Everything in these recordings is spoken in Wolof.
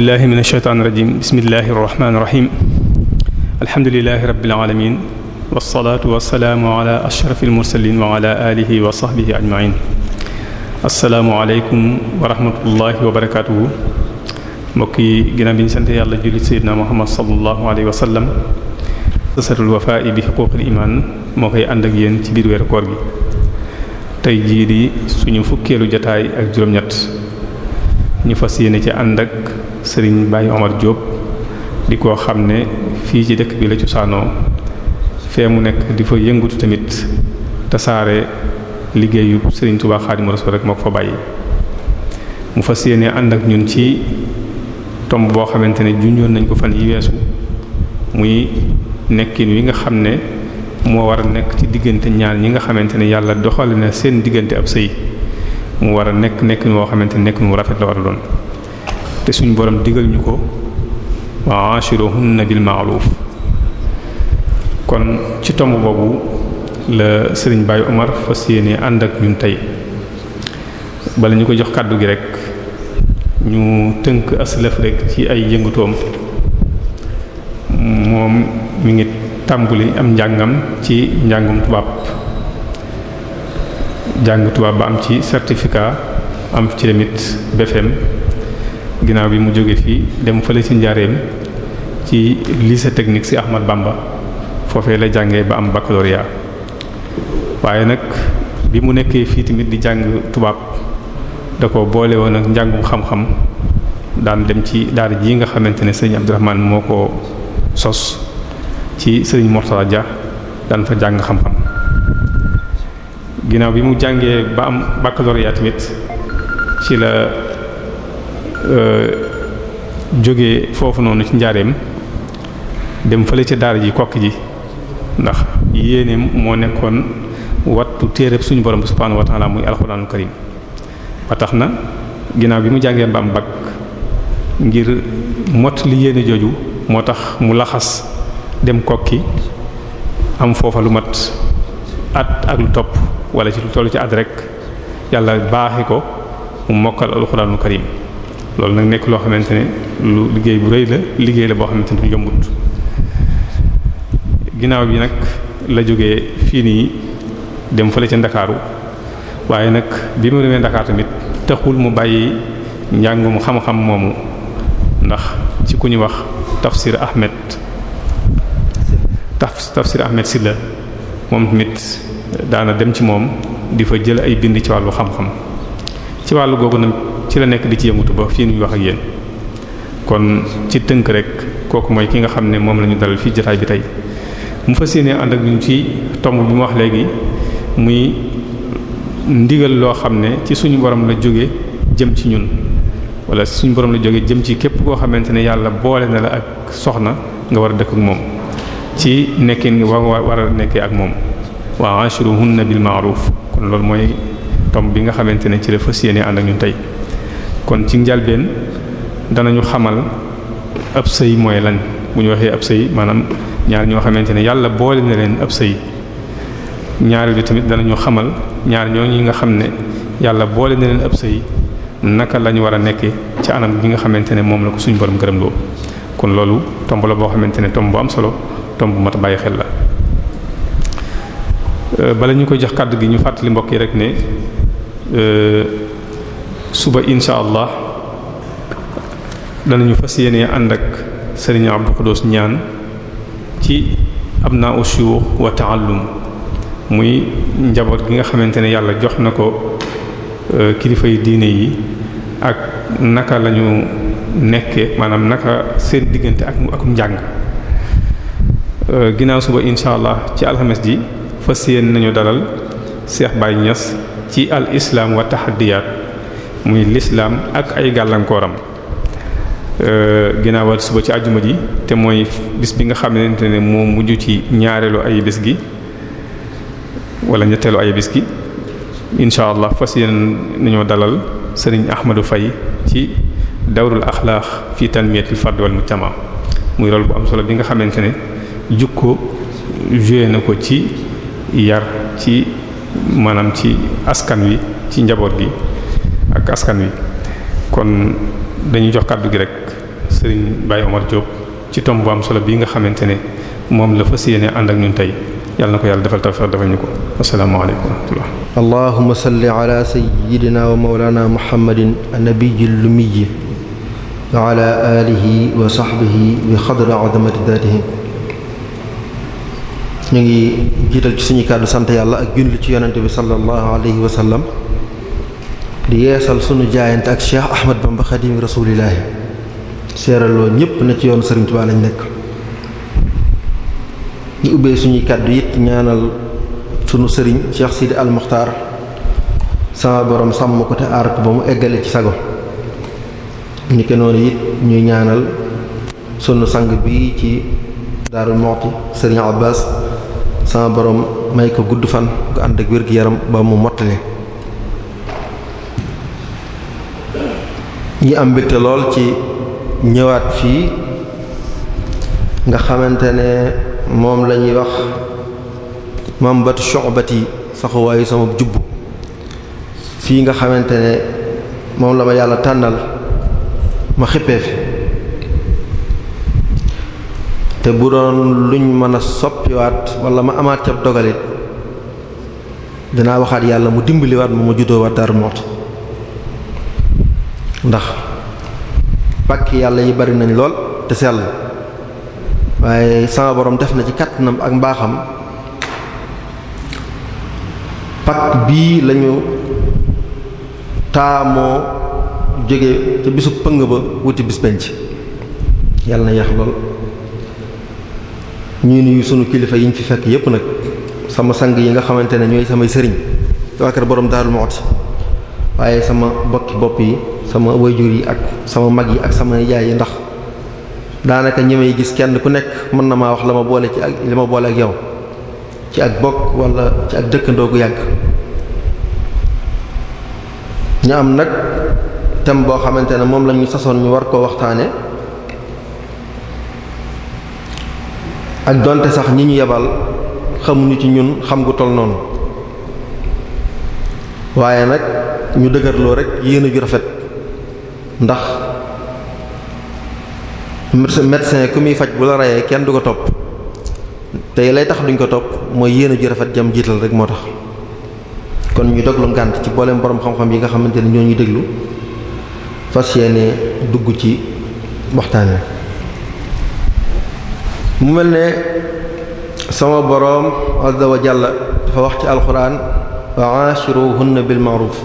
billahi min asheytaan irajim bismillahi arrahmani irahim alhamdulilahi rabilalamin walsalaatu walsalaamu ala ashraf almursalin wa ala alihi wa sahbihi ajmain asalaamualeykum wa rahmatullahi wa barakatuhu mbokk yi ginnaaw bi ñu sant yàlla jullit sayyidina muhammad sallallahu alayhi wa sallam sasatul wafaa bi xuquuqil iman moo koy ànd ak yéen ci biir weeru koor gi tey jii di suñu fukkeelu jataay ak juróom-ñett ñu fas yéene ci ànd ak sëriñ Baye Omar Diop di ko xam ne fii ci dëkk bi la cosaanoo fee mu nekk di fa yëngutu tamit tasaare liggéeyu sëriñ Touba Xaadimu Rasuul rek moo ko fa bàyyi. mu fas yéene ànd ak ñun ci tomb boo xamante ne junjoon nañ ko fan yi weesu muy nekkin wi nga xam ne moo war a nekk ci diggante ñaan ñi nga xamante ne yàlla doxal na seen diggante ab sëy mu war a nekk nekk woo xamante nekk mu rafet la war a doon te suñu borom digal ñu ko wa na bil ma'ruf kon ci tomb boobu la sëriñ Baye Omar fas yéene ànd ak ñun tey bala ñu ko jox kàddu gi rek ñu tënk aslaf rek ci ay yëngutoom moom mu ngi tàmbuli am njàngam ci njàngum tubaab jàng tubaab ba am ci certificat am ci tamit BFM ginnaaw bi mu jóge fii dem fële ci njaareem ci lycée technique si Ahmad Bamba foofee la jàngee ba am baccalauréat waaye nag bi mu nekkee fii tamit di jàng tubaab da ko boole woon ak njàngum xam-xam daan dem ci daara ji nga xamante ne sëriñ Abdourahmane moo ko sos ci sëriñ Mortala Dia daan fa jàng xam-xam ginnaaw bi mu jàngee ba am baccalauréat tamit ci la euh, jóge foofu noonu ci njaareem dem fële ci daara ji kokk ji ndax yéene moo nekkoon wattu téereb suñu borom subhaanahu wa ta'ala muy alxuraanul karim ba tax na ginnaaw bi mu jàngee ba am bac ngir mott li yéene jooju moo tax mu laxas dem kokki am foofa lu mat at ak lu topp wala ci lu toll ci at rek yàlla baaxi ko mu mokkal alxuraanul karim loolu nag nekk loo xamante ne lu liggéey bu rëy la liggéey la boo xamante ne bu yombut ginnaaw bi nag la jóge fii nii dem fële ci ndakaaru waaye nag bi mu demee ndakaar tamit taxul mu bàyyi njàngum xam-xam moomu ndax ci ku ñu wax tafsir ahmed tafsir ahmed silla moom tamit daana dem ci moom di fa jël ay bind ci wàllu xam-xam ci wàllu googu nag ci la nekk di ci yëngutu ba fii nuy wax ak yéen kon ci tënk rek kooku mooy ki nga xam ne moom lañu ñu dalal fii jotaay bi tey mu fa yéene ànd ak ñun ci tomb bi mu wax léegi muy ndigal loo xam ne ci suñu borom la jóge jëm ci ñun wala suñu borom la jóge jëm ci képp koo xamante ne yàlla boole na la ak soxna nga war a dëkk moom ci nekkin gi nga war a nekkee ak moom wa ashiruhunna bil ma'ruf kon loolu mooy tomb bi nga xamante ne ci la yéene ànd ak ñun tey kon ci njalbeen danañu xamal ab sëy mooy lan bu ñu waxee ab sëy maanaam ñaar ñoo xamante ne yàlla boole na leen ab sëy ñaareel bi tamit danañu xamal ñaar ñooñu nga xam ne yàlla boole na leen ab sëy naka la ñu war a nekkee ci anam bi nga xamante ne moom la ko suñu borom gërëm loo kon loolu tomb la boo xamante ne tomb bu am solo tomb bu mat bàyyi xel la. Euh, bala ñu ko jox kàddu gi ñu fàttali mbokk yi rek ne euh, suba insha allah ñu fas yéenee ànd ak sëriñ Abdou Khoudoss ñaan ci am naa ushur wa ta'allum muy njaboot gi nga xamante ne yàlla jox na ko euh, kilifa kilifay diine yi ak naka lañu nekke maanaam naka seen diggante ak ak njàng ginnaaw suba insha allah ci alxames ji fas yéen nañu dalal Cheikh Baye ñas ci al islam wa taxadiyaat muy lislaam ak ay gàllankooram euh, ginnaawal suba ci àjjuma ji te mooy bis bi nga xamante ne moo mujj ci ñaareelu ay bis gi wala ñetteelu ay bis incha allah fas yéen nañoo dalal sëriñ Ahmadou fay ci dawrul axlaax fi tanmiyatil fard wal mujtama muy rôle bu am solo bi nga xamante ne jukko joué na ko ci yar ci maanaam ci askan wi ci njaboot gi ak askan wi kon dañuy jox kàddu gi rek sëriñ Baye Omar Diop ci tomb am solo bii nga xamante ne moom la fas yéene ànd ak ñun tey yàlla na ko yàlla defal tawfiq defal ñu ko asalaamaaleykum wa rahmatullah allahumma salli ala sayyidina wa mawlana muhammadin annabiyil lumiyyi wa ala alihi wa sahbihi bi qadri azamati dhatihi ñu ngi jiital ci suñu kàddu sant yàlla ak julli ci yonent bi sallallahu alayhi wa sallam di yeesal sunu jaayante ak Cheikh Ahmad Bamba xadim rasulillahi seeraloo ñëpp na ci yoonu Serigne Touba nekk ñu ubbee suñuy kàddu it ñaanal sunu sëriñ Cheikh Sidi Al Muxtaar sama borom sàmm ko te aar ko ba mu eggale ci sago ni noonu it ñuy ñaanal sunu sang bi ci Daaru Muxti Serigne Abbas sama boroom may ko gudd fan gu ànd ak wér-gu-yaram ba mu mottali ñi am mbégte lool ci ñëwaat fii nga xamante ne moom la ñuy wax mam batu soxbati saxuwaayu sama jubb fii nga xamante ne moom la ma yàlla tànnal ma xippee fi te bu doon luñ mën a soppiwaat walla ma amaat cab dogalit dinaa waxaat yàlla mu dimbaliwaat ma ma juddoo waat Darou Moukhty ndax pàkk yàlla yi bari nañ lool te sell waaye sama boroom def na ci kàttanam ak mbaaxam pàkk bii lañu taamoo jóge ca bisu pëng ba wuti bis ci yàlla na yeex lool ñuy nuyu sunu kilifa yi ñu fi fekk yépp nag sama sang yi nga xamante ne ñooy samay sëriñ waa kër borom Darou Moukhty waaye sama bokki bopp yi sama wayjur yi ak sama mag yi ak sama yaay yi ndax daanaka ñi may gis kenn ku nekk mën na maa wax la ma boole ci ak li ma boole ak yow ci ak bokk wala ci ak dëkkandoo gu yàgg. ñu am nag thème boo xamante ne moom la ñu sasoon ñu war koo waxtaane ak donte sax ñi ñu yebal xamuñu ci ñun xam gu toll noonu waaye nag ñu dëgërloo rek yéene ju rafet ndax médecin ku muy faj bu la reyee kenn du ko topp tey lay tax duñ ko topp mooy yéene ju rafet jam jiital rek moo tax kon ñu doglu ngànt ci booleem boroom xam-xam yi nga xamante ne ñoo ñu déglu fas yéene dugg ci waxtaan wi mu mel ne sama boroom azza wa dafa wax ci alxuraan wa ashiruhunna bil ma'ruf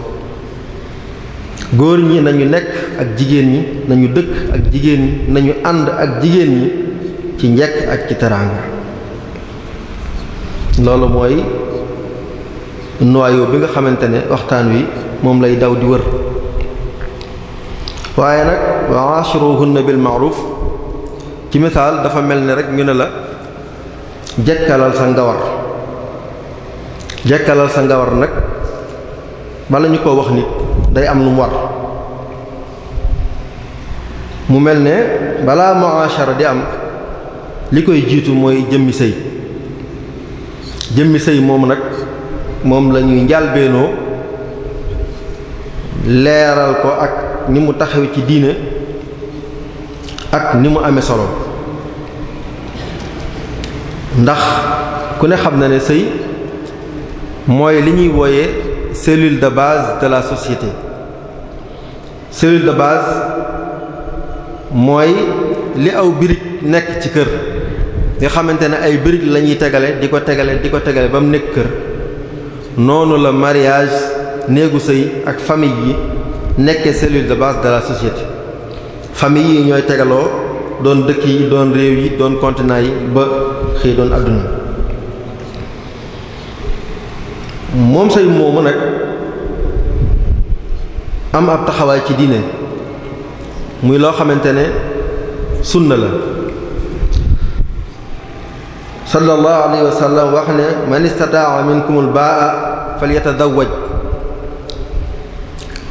góor ñi nañu nekk ak jigéen ñi nañu dëkk ak jigéen ñi nañu ànd ak jigéen ñi ci njekk ak ci teraanga loolu mooy noyau bi nga xamante ne waxtaan wi moom lay daw di wër waaye nag wa ashiruhunna bil ma'ruf ci misaal dafa mel ni rek ñu ne la jëkkalal sa ngawar jëkkalal sa ngawar nag bala ñu ko wax nit day am lu mu war mu mel ne balaa mu'ashara di am li koy jiitu mooy jëmmi sëy jëmmi sëy moom nag moom lañuy ñuy njàlbeenoo leeral ko ak ni mu taxaw ci diine ak ni mu amee solo ndax ku ne xam na ne sëy mooy li ñuy wooyee cellule de base de la société cellule de base mooy li aw birig nekk ci kër nga xamante ne ay birig la ñuy tegale di ko tegale di ko tegale ba mu nekk kër noonu la mariage néegu sëy ak famille yi nekkee cellule de base de la société famille yi ñooy tegaloo doon dëkk yi doon réew yi doon continent yi ba xëy doon àdduna moom sëy moomu nag am ab taxawaay ci diine muy loo xamante ne sunna la sallallahu alayhi wa sallam wax ne man istataa minkumul baa falyatazawwaj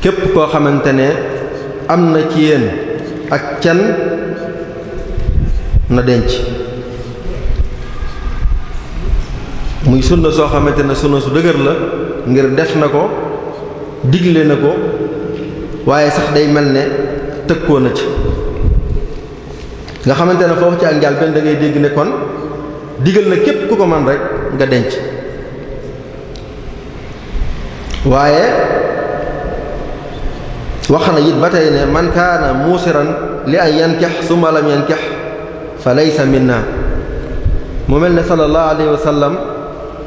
képp koo xamante ne am na ci yéen ak can na denc muy sunna soo xamante ne sunna su dëgër la ngir def na ko digle na ko waaye sax day mel ne tëkkoo na ci nga xamante ne foofu ci ak njaal benn da ngay dégg ne kon digal na képp ku ko man rek nga denc waaye wax na it ba tey ne man kaana muusiran li an yankex summa lam yankex fa laysa minna mu mel ne sallallahu alayhi wa sallam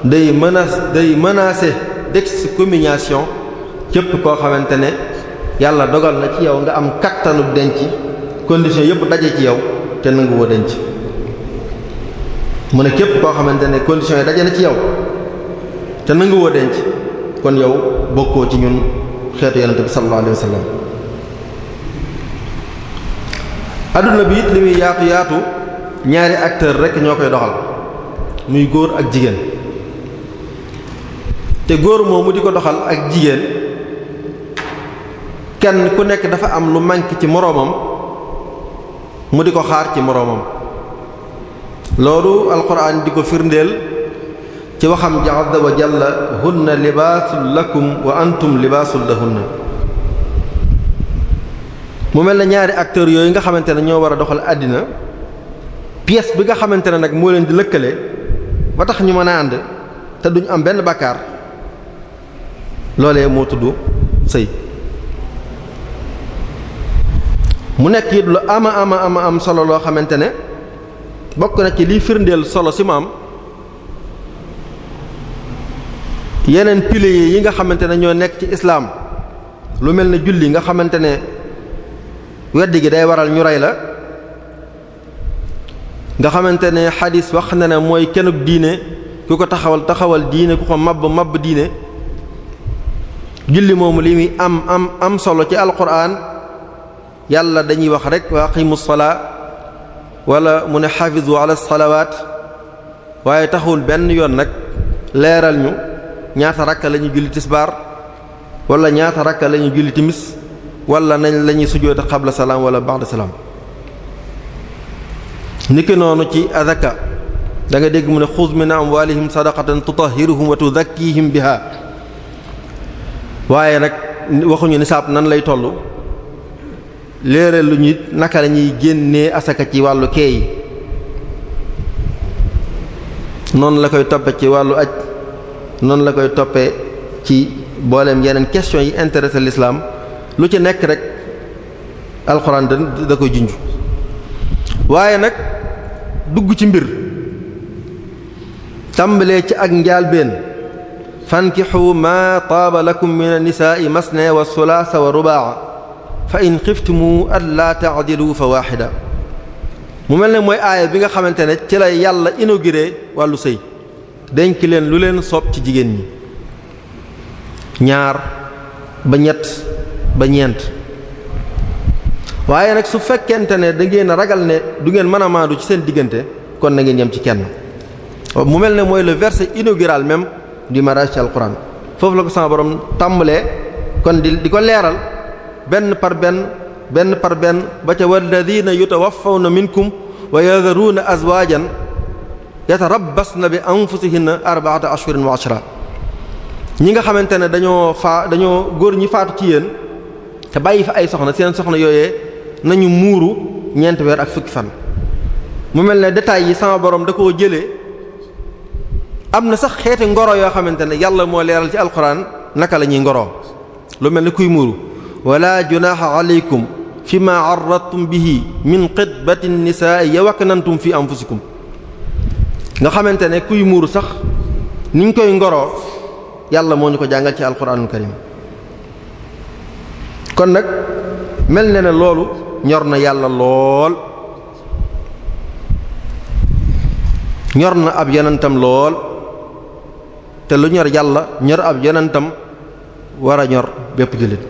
day menace day si d'excommunication képp koo xamante ne yàlla dogal na ci yow nga am kattanu denc condition yëpp daje ci yow te nanguwoo denc mu ne képp koo xamante ne condition yi daje na ci yow te nanguwoo denc kon yow bokkoo ci ñun xeetu yonent bi sallallahu alayhi wa sallam adduna bi li muy yaatu yaatu ñaari acteur rekk ñoo koy doxal muy góor ak jigéen te góor mu di ko doxal ak jigéen kenn ku nekk dafa am lu manqué ci moroomam mu di ko xaar ci moroomam loolu alxuraan di ko firndeel ci waxam ji azza wa jalla hunna libaasul lakum wa antum libaasul lahunna mu mel na ñaari acteurs yooyu nga xamante ne ñoo war a doxal àddina pièce bi nga xamante ne nag moo leen di lëkkale ba tax ñu mën a ànd te duñu am benn bakkaar loolee moo tudd sëy mu nekk it lu ama ama ama am solo loo xamante ne bokk na ci liy firndeel solo si mu am yeneen piliers yi nga xamante ne ñoo nekk ci islaam lu mel ne julli nga xamante ne wedd gi day waral ñu rey la nga xamante ne xadis wax na ne mooy kenug diine ku ko taxawal taxawal diine ku ko mabb mabb diine julli moomu li muy am am am solo ci alquran yàlla dañuy wax rek wa aqimu salaa wala mu ne xafizu ala salawaat waaye taxul benn yoon nag leeral ñu ñaata rakka lañuy ñuy julli tisbaar wala ñaata rakka la ñuy julli timis wala nañ la sujjóot xabla salaam wala ba'da salaam niki noonu ci azaka danga dégg mu ne xuz min amwalihim sadaqatan tutahhiruhum wa tuzakkihim biha waaye nag waxuñu nisaab nan lay toll léere lu naka lañuy ñuy génnee asaka ci wàllu keey noonu la koy toppe ci wàllu aj noonu la koy toppee ci boolem yeneen question yi intéressé l'islam lu ci nekk rek alxuraan da da koy junj waaye nag dugg ci mbir tàmbalee ci ak njaalbeen fankixu ma taaba lakum min annisaai masne wa sulaasa wa rubaa fa in xiftumu allaa taadilu fa waaxida mu mel ne mooy aaya bi nga xamante ne ci la yàlla inauguré wàllu sëy denc leen lu leen soob ci jigéen ñi ñaar ba ñett ba ñeent waaye nag su fekkente ne da ngeen ragal ne du ngeen mën a maandu ci seen diggante kon na ngeen yem ci kenn mu mel ne mooy le verset inaugural même du mariage ci alxuraan foofu la ko sama borom tàmbalee kon di di ko leeral benn par benn benn par benn ba ca walladina yutawaffawna minkum wa yadharuna azwajan yatarabbasna bi anfusihinna arba'ata ashhurin wa ashra ñi nga xamante ne dañoo fa dañoo góor ñi faatu ci yéen te bàyyi fi ay soxna seen soxna yooyee nañu muuru ñeenti weer ak fukki fan mu mel ne détails yi sama boroom da koo jëlee am na sax xeeti ngoro yoo xamante ne yàlla moo leeral ci alquran naka la ñuy ngoroo lu mel ne kuy muuru wala junaha aleykum fi ma arradtum bihi min xitbati nisaa wakk waknantum fi anfusikum nga xamante ne kuy muuru sax ni ñu koy ngoro yàlla moo ñu ko jàngal ci alquranul karim kon nag mel na ne loolu ñor na yàlla lool ñor na ab yenentam lool te lu ñor yàlla ñor ab yonentam war a ñor bépp jullit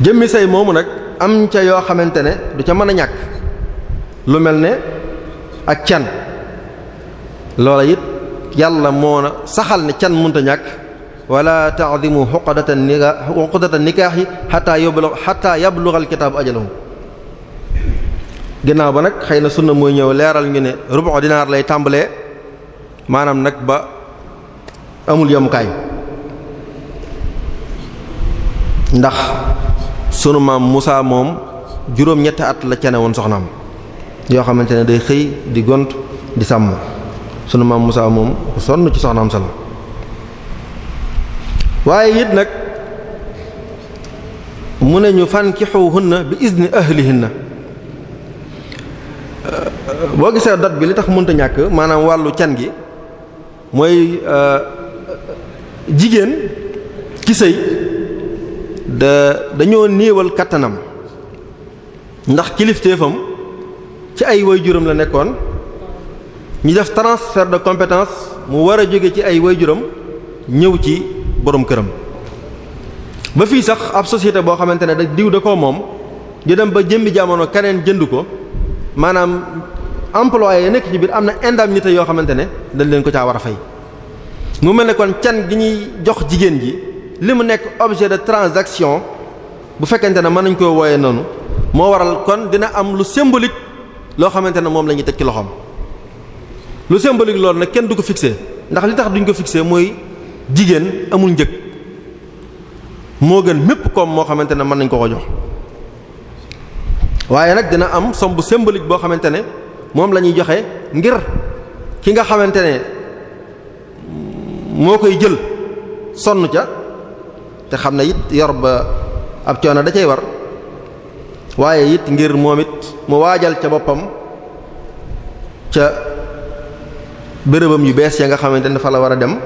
jëmmi say moomu nag am ca yoo xamante ne du ca mën a ñàkk lu mel ne ak can loola it yàlla moo na saxal ne can munta ñàkk wala ta'zimu uqdata nikah uqdata nikaahi hatta yablu hatta yablugha al-kitaab ajalahu ginnaaw ba nag xëy na sunna mooy ñëw leeral ñu ne rubu dinaar lay tàmbalee maanaam nag ba amul yamukaay ndax sunu maam Musaa moom juróom-ñetti at la cene woon soxnaam yoo xamante ne day xëy di gont di sàmm sunu maam Moussa moom sonn ci soxnaam sala waaye it nag mu ne ñu fankihuhunna bi izni ahlihinna boo gisee dot bi li tax mënta ñàkk maanaam wàllu can gi mooy jigéen ci sëy da dañoo néewal kattanam ndax kilifteefam ci ay woy waajuram la nekkoon ñu def transfert de compétence mu war a jóge ci ay woy waajuram ñëw ci borom këram ba fii sax ab société boo xamante ne da diw da ko moom di dem ba jëmbi jamono keneen jënd ko maanaam employé ya nekk ci biir am na indemnité yoo xamante ne dañ leen ko caa war a fay mu mel ne kon can gi ñuy jox jigéen ji li mu nekk objet de transaction bu fekkente ne mën nañ ko wooyee noonu moo waral kon dina am lu symbolique loo xamante ne moom la ñuy teg ci loxoom lu symbolique loolu na kenn du ko fixé ndax li tax duñu ko fixé mooy jigéen amul njëg moo gën mépp koom moo xamante ne mën nañ ko ko jox waaye nag dina am somme bu symbolique boo xamante ne moom la ñuy joxe ngir ki nga xamante ne moo koy jël sonn ca te xam na it yor ba ab coono da cay war waaye it ngir moom it mu waajal ca boppam ca bërëbam yu bees ya nga xamante ne fa la war a dem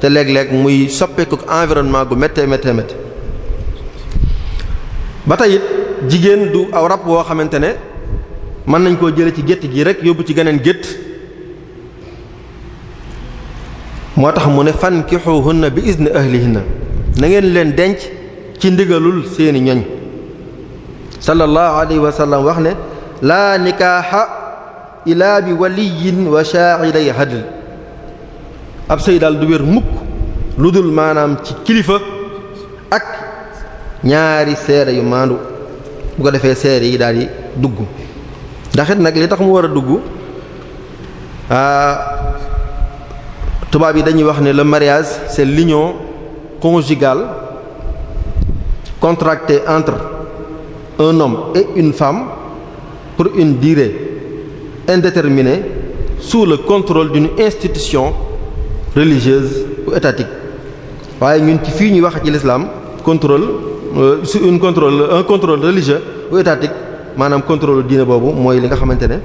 te léeg-léeg muy soppeeku environnement gu méttee méttee méttee ba tey it jigéen du aw rab woo xamante ne mën nañ koo jële ci gétt gi rek yóbbu ci geneen gétt moo tax mu ne na bi izni ahlihinna na ngeen leen denc ci ndigalul seeni ñoñ sallallahu alayhi wa sallam wax ne laa nikaaxa ilaa bi waliyin wa shaa'iray hadl ab sëy daal du wér mukk lu dul maanaam ci kilifa ak ñaari seere yu maandu bu ko defee seere yi daal di dugg ndaxit nag li tax mu war a dugg ah, tubaab yi dañuy wax ne le mariage c'est l'union conjugale contractée entre un homme une femme pour une durée indéterminée sous le contrôle d'une institution religieuse ou étatique waaye ñun ci fii ñuy wax ci l'islam contrôle euh, su une contrôle un contrôle religieux ou étatique maanaam contrôle diine boobu mooy li nga xamante ne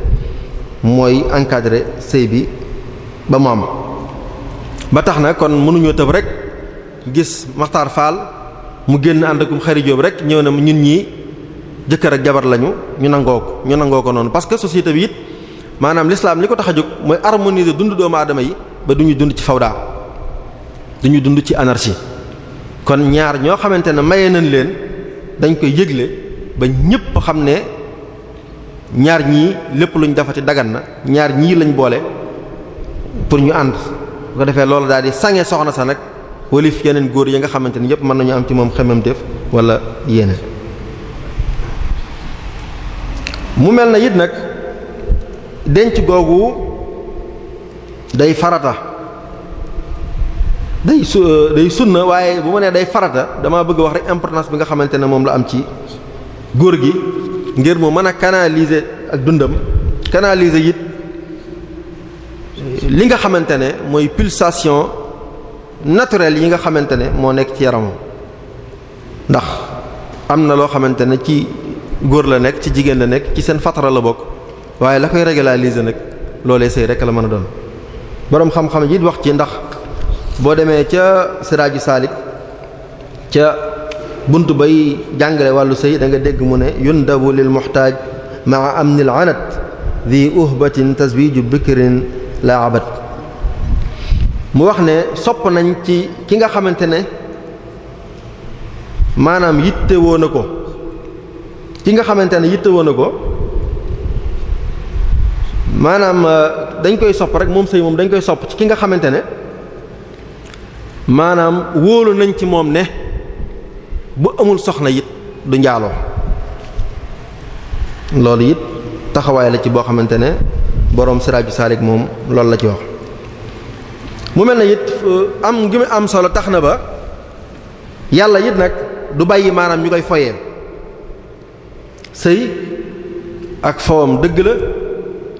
mooy encadrer sëy bi ba mu am ba tax na kon mënuñoo tëb rek gis Maxtaar Faal mu génn ànd akum xarijoob rek ñëw na ñun ñii jëkkër ak jabar lañu ñu nangoo ko ñu nangoo ko noonu parce que société bi it maanaam l'islam li ko tax a jóg mooy harmoniser dund doomu aadama yi ba du dund ci fawda du ñu dund ci anarchie kon ñaar ñoo xamante ne maye nañ leen dañ koy yëgle ba ñépp xam ne ñaar ñii lépp luñ ci daggan na ñaar ñii lañ boole pour ñu ànd bu ko defee loolu daal di sange soxna sa nag walif yeneen góor yi nga xamante ni yépp mën nañu am ci moom xemam def wala yéene mu mel na it nag denc googu day farata day su day sunna waaye bu ma nee day farata damaa bëgg wax rek importance bi nga xamante ne moom la am ci góor gi ngir mu mën a kanalise ak dundam canaliser it li nga xamante ne mooy pulsation naturelle yi nga xamante ne moo nekk ci yaramam ndax am na loo xamante ne ci góor la nekk ci jigéen la nekk ci seen fatara la bokk waaye la koy régulariser nag loolee sëy rek la mën a doon boroom xam-xam yi wax ci ndax boo demee ca Siraaju Saalik ca bunt bay jàngale wàllu sëy da nga dégg mu ne yundabu lil muhtaaj maa amnil anat di uhbatin taswiju bikrin la abad mu wax ne sopp nañ ci ki nga xamante ne maanaam yitte woo na ko ki nga xamante ne yittewoo na ko maanaam euh, dañ koy sopp rek moom sëy moom dañ koy sopp ci ki nga xamante ne maanaam wóolu nañ ci moom ne bu amul soxna yit du njaaloo loolu it taxawaay la ci boo xamante ne boroom Siraaju Saalik moom loolu la ci wax mu mel na it euh, am gi mu am solo tax na ba yàlla it nag du bàyyi maanaam ñu koy foyee sëy ak fawam dëgg la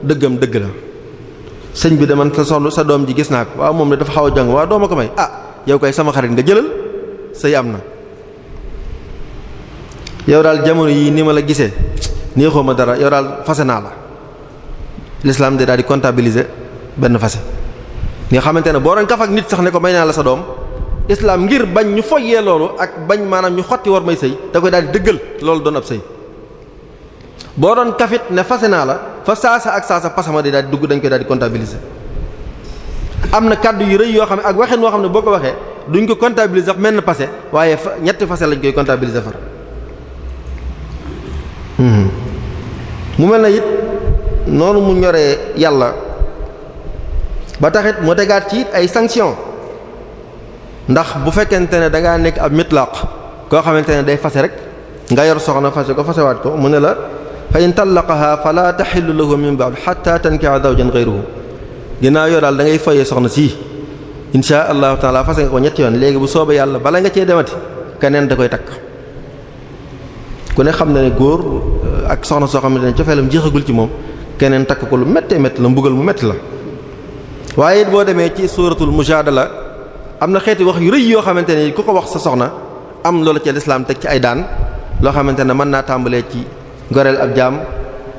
dëggam dëgg la sëñ bi de man sa soxna sa doom ji gis naa ko waaw moom ne dafa xaw a jàng waaw dooma ko may ah yow kay sama xarit nga jëlal sëy am na yow daal jamono yi ni ma la gisee neexoo ma dara yow daal fase naa la l'islam de daal di benn fase nga xamante ne boo doon kaf ak nit sax ne ko may naa la sa doom islam ngir bañ ñu foyee loolu ak bañ maanaam ñu xotti war may sëy da koy daal di dëggal loolu doon ab sëy boo doon kafit ne fase naa la fa saasa ak saasa pasama di daal dugg dañ koy daal di am na kàddu yu rëy yoo xam ne ak waxin woo xam ne boo ko waxee duñ ko comptabiliser mel na passé waaye fa ñetti fase lañ koy comptabiliser far hmm. mu mel na it noonu mu ñoree yàlla ba taxit mu tegaat ci ay sanction ndax bu fekkente ne da nekk ab mitlaq koo xamante ne day fase rek nga yor soxna fase ko fasewaat ko mu ne la fa in la fala taxillu lahu min ba'd hatta tankiha zawjan ghayruhu ginnaaw yoo daal da ngay soxna sii insha allahu taala fase nga ko ñetti yoon léegi bu soobee yàlla bala nga cee demati keneen da koy takk ku ne xam na ne góor euh, ak soxna soo xamante ne cofeelam jeexagul ci moom keneen takk ko lu méttee métti la mbugal mu metti la waaye it boo demee ci suuratul mujaadala am na xeeti wax yu rëy yoo xamante ne ku ko wax sa soxna am loola ci lislaam teg ci ay daan loo xamante ne mën naa tàmbalee ci goreel ab jaam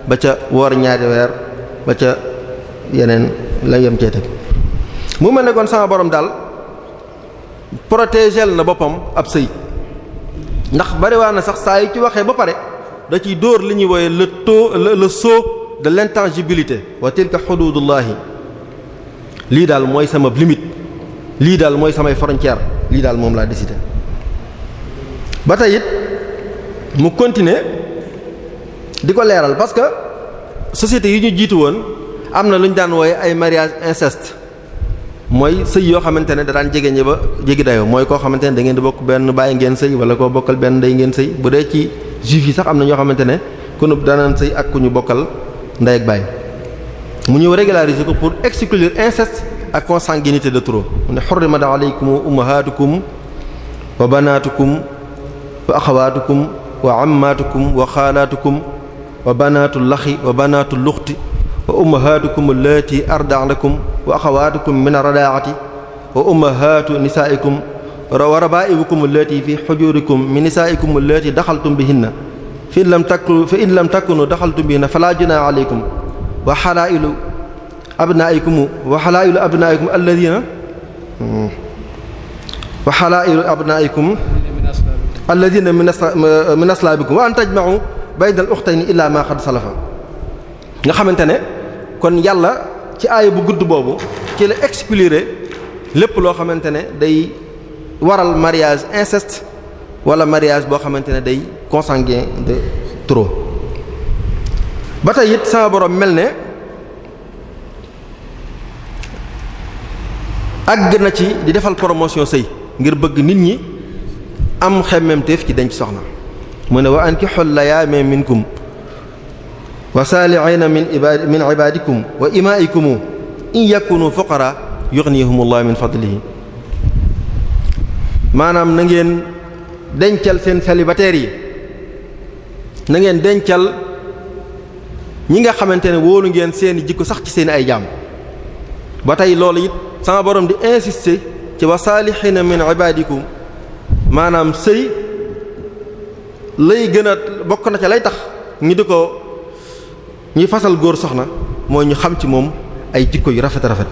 ba ca woor ñaari weer ba ca yeneen la yem cee teg mu mel ne sama borom daal protégel na boppam ab sëy ndax bariwaa na sax saa yi ci waxee ba pare da ciy dóor li ñuy wooye le taux le sceau de l'intangibilité wa tilka xududullahi lii daal mooy sama limite lii daal mooy samay frontière lii daal moom laa décidé ba tey mu continuer di ko leeral parce que société yi ñu jiitu woon am na lu ñu daan wooye ay mariage inceste mooy sëy yoo xamante ne da daan jege ñi ba jéggi dayoo mooy koo xamante ne da ngeen di bokk benn bàyyi ngeen sëy wala koo bokkal benn day ngeen sëy bu dee ci juif yi sax am na ñoo xamante ne konub danaan sëy ak ku ñu bokkal ndey ak bàyyi mu ñëw régulariser ko pour exclure inceste ak consanguinité de trop mu ne hurrimat alaykum ummahatukum wa banatukum wa axawatukum wa ammatukum wa xaalatukum wa banaatu laxi wa banaatu luxti wa ummahaatukum allati arda'nakum wa axawaatukum min ar-radaa'ati wa ummahaatu nisaa'ikum wa rabaa'ibukum allati fi hujurikum min nisaa'ikum allati daxaltum bihinna fa in lam takunu fa in lam takunu daxaltum bihinna falaa junaaha alaykum wa halaa'ilu abnaa'ikum wa halaa'ilu abnaa'ikum alladiina wa halaa'ilu abnaa'ikum alladiina min aslaabikum wa an tajma'u baydal uxtayni illaa maa xad salafa nga xamante ne kon yàlla ci aaya bu gudd boobu ci la expliquer lépp loo xamante ne day waral mariage inceste wala mariage boo xamante ne day consanguin de trop ba tey it sama borom mel ne àgg na ci di defal promotion sëy ngir bëgg nit ñi am xemmemteef ci denc soxna mu ne wa ankihul layaame minkum wa saalihiina min ibaad min ibaadikum wa imaa'ikum in yakunu fuqara yughnihumullahu min fadlihi maanaam nangeen dencal seen célibataires yi na dencal ñi nga xamante ne wóolu ngeen seeni jikko sax ci seen ay jaam ba tey loolu it sama borom di insister ci wa saalihiina min ibaadikum maanaam sëy lay gën a bokk na ca lay tax ñu di ko ñuy fasal góor soxna moo ñu xam ci moom ay jikko yu rafet rafet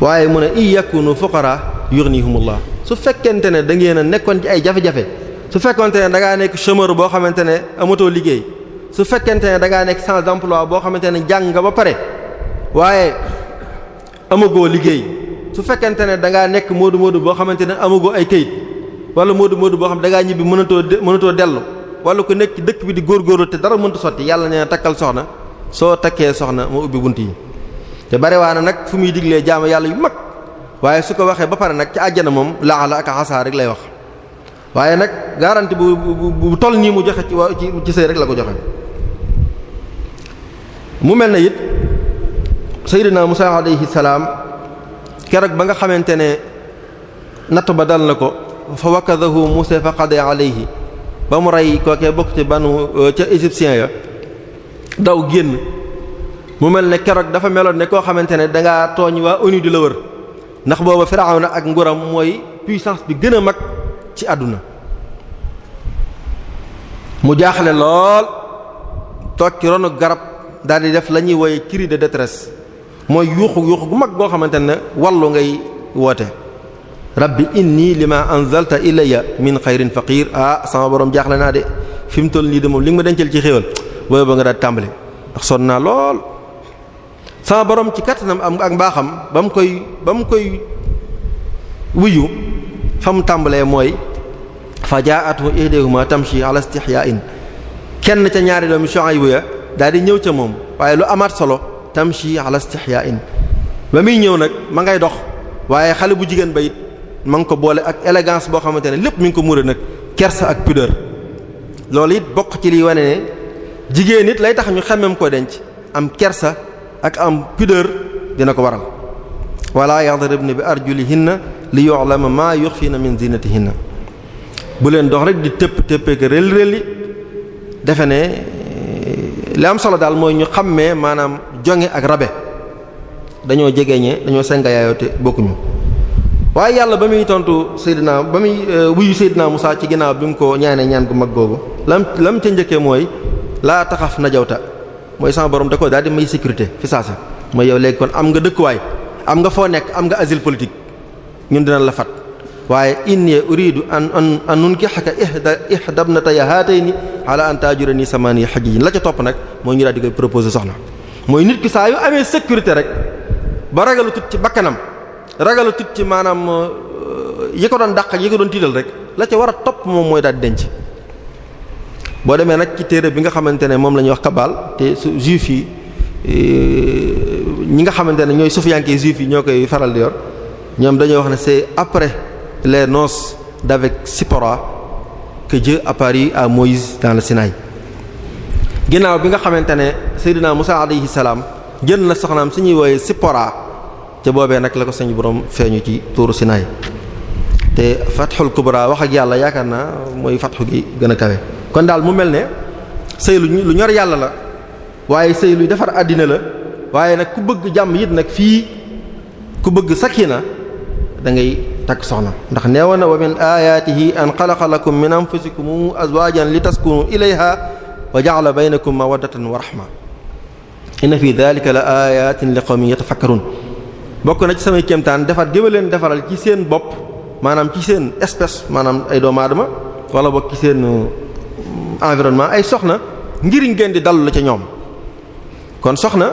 waaye mu ne in yakunu fuqara yughnihumullah su fekkente ne da ngeen a nekkoon ci ay jafe su fekkente ne da ngaa nekk chômeur boo xamante ne amatoo liggéey su fekkente ne da ngaa nekk sans emploi boo xamante ne jàng nga ba pare waaye amagoo liggéey su fekkente ne da nekk moodu moodu boo xamante ne amagoo ay kayit wala moodu moodu boo xam da ngaa ñibbi mënatoo mënatoo dellu wala ko nekk dëkk bi di góorgóorlu te dara mënta sotti yàlla nee na takkal soxna soo takkee soxna moo ubbi bunt yi te barewaana nag fu muy diglee jaamu yàlla yu mag waaye su ko waxee ba pare nag ci àjjana moom laaxala ak xasaar rek lay wax waaye nag garanti bu bu toll nii mu joxe ci waa ci ci sëy rek la ko joxe mu mel na it Seydina Musa alayhi salaam keroog ba nga xamante ne natt ba dal na ko fa wakkadahu Muusaa fa qada alayhi ba mu rey kookee bokk ci banu euh, ca égyptien ya daw génn mu mel ne keroog dafa meloon ne koo xamante ne dangaa tooñ waa ONU di la wër ndax booba Firawna ak nguuram mooy puissance bi gën a mag ci àdduna mu jaaxale lool toog ci ronu garab daal di def la ñuy wooye cri de détresse mooy yuuxu yuuxu gu mag goo xamante ne wallu ngay woote rabbi inni lima anzalta ilayya min xayrin faqir ah sama borom jaaxle naa de fi mu toll nii de moom li nga ma dencal ci xéewal booy ba nga daal tàmbali ndax sonn naa lool sama boroom ci kattanam am ak mbaaxam ba mu koy ba mu koy wuyu fa mu tàmbalee mooy fa jaa'atu ihdahuma tamshi ala istihyaa'in kenn ca ñaari doomi Shuayb ya daal di ñëw ca moom waaye lu amaat solo tamshi ala istihyaa'in ba muy ñëw nag ma ngay dox waaye xale bu jigéen ba ma ngi ko boole ak élégance boo xamante ne lépp mu ngi ko muure nag kersa ak pudeur loolu it bokk ci liy wane ne jigéen it lay tax ñu xemmem ko denc am kersa ak am pudeur dina ko waral wala yadribna bi arjulihinna li yu'lama ma yukhfina min zinatihinna bu leen dox rek di tëpp tëppeek rel reli defe ne li am solo daal mooy ñu xàmmee maanaam jonge ak rabe dañoo jegeñee dañoo senga bokkuñu waaye yàlla ba muy tontu Seydina ba muy euh, wuyu Seydina Musaa ci ginnaaw bi mu ko ñaanee ñaan gu mag googu lam lam ca njëkkee mooy laa taxaf najawta mooy sama borom da ko daal di may sécurité fi saasa mooy yow léegi kon am nga dëkkuwaay am nga foo nekk am nga asile politique ñun dinañ la fat waaye inni uridu an an an nunkihaka ihda ihdabnataya haatayni ala an taajurani samani hajjin la ca topp nag mooy ñu daal di koy proposer soxna mooy nit ki saa yu amee sécurité rek ba ragalu tut ci bakkanam ragal a ci maanaam euh, yi ko doon dàq yi ko doon tiital rek la ca war a topp moom mooy daal denc boo demee nag ci téere bi nga xamante ne moom la ñuy wax kabal te su juif yi euh, ñi nga xamante ne ñooy sufiyankee juif yi ñoo koy faral di yor ñoom dañoo wax ne c'est après les noces d'avec Sipora que Dieu apparut à Moïse dans le ginnaaw bi nga xamante ne Seydina Musa alayhi salaam jël na soxnaam si ñuy wooye Sipora te boobee nag la ko sañ boroom feeñu ci tuuru Sinaay te fatxul kubra wax ak yàlla yaakaar naa mooy fatxu gi gën a kawe kon daal mu mel ne sëy lu lu ñor yàlla la waaye sëy luy defar àddina la waaye nag ku bëgg jàmm it nag fii ku bëgg sakina na dangay takk soxna ndax neewa na wa min ayatihi an xalaqa lakum min anfusikum li taskunu ilayha wa ja'ala baynakum mawaddatan wa rahma inna fi dhalika la ayatin li qawmin yatafakkarun bokk na ci samay kéemtaan defar gi leen defaral ci seen bopp maanaam ci seen espèce maanaam ay doomu aadama wala bokk ci seen euh, environnement ay soxna ngir ngeen di dallu la ca ñoom kon soxna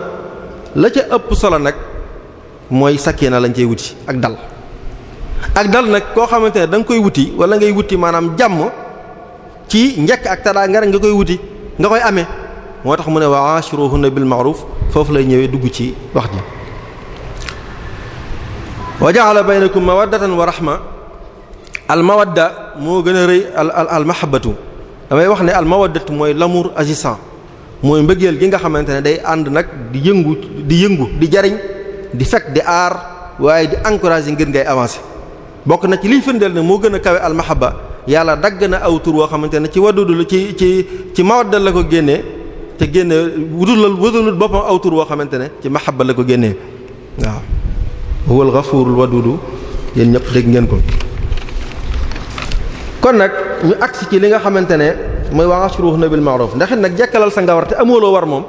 la ca ëpp solo nag mooy sakina lañ cey wuti ak dal ak dal nag koo xamante ne da koy wuti wala ngay wuti maanaam jàmm ci njekk ak tadaa nga nga koy wuti nga koy amee moo tax mu ne wa ashiruhunna bil ma'ruf foofu lay ñëwee dugg ci wax ji wa jaxala baynakum mawaddatan wa rahma al moo gën a rëy al al al damay wax ne al mawaddatu mooy l'amour agissant mooy mbëggeel gi nga xamante ne day ànd nag di yëngu di yëngu di jariñ di fekk di aar waaye di encourager ngir ngay avancé bokk na ci liy firndeel ne moo gën a kawe al mahabba yàlla dagg na aw tur woo xamante ne ci waddudul ci ci ci mawadda la ko génnee te génne wudulal wudulul boppam aw tur woo xamante ne ci mahabba la ko génnee waaw huwal ghafurul wadudu yéen ñëpp dégg ngeen ko kon nag ñu agsi ci li nga xamante ne mooy wa ashruhna bil ma'ruf ndax it nag jekkalal sa ngawar war te amooloo war moom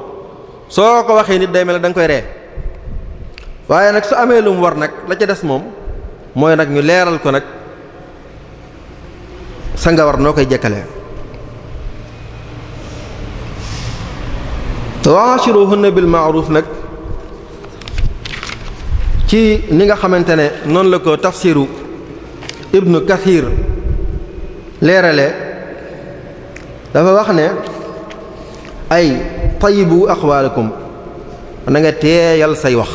soo ko waxee nit day mel ne da koy ree waaye nag su amee lum war nag la ca des moom mooy nag ñu leeral ko nag sa nga noo koy jekkalee wa ashruhna bil ma'ruf nag ci ni nga xamante ne noonu la ko tafsiru ibnu kathir leerale dafa wax ne ay tayibu aqwaalakum na nanga teeyal say wax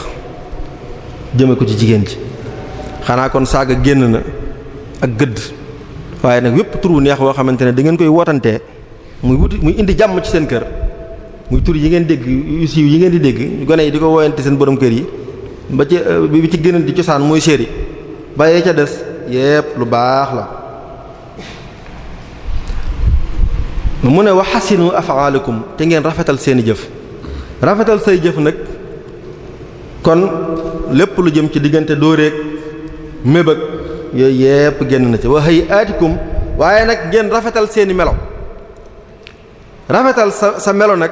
jëme ko ci jigéen ji xanaa kon saaga génn na ak gëdd waaye nag wépp turu neex woo xamante ne da ngeen koy wootantee muy wuti muy indi jàmm ci seen kër muy tur yi ngeen dégg yu siiw yi ngeen di dégg gone yi di ko woyante seen boroom kër yi ba ci euh, bi ci gënal di cosaan mooy séeri bàyyee ca des yépp lu baax la mu ne wa xasinu afaalikum te ngeen rafetal seeni jëf rafetal say jëf nag kon lépp lu jëm ci diggante dóoreeg mébëg yooyu yépp génn na ci wa hay aatikum waaye nag ngeen rafetal seeni melo rafetal sa sa melo nag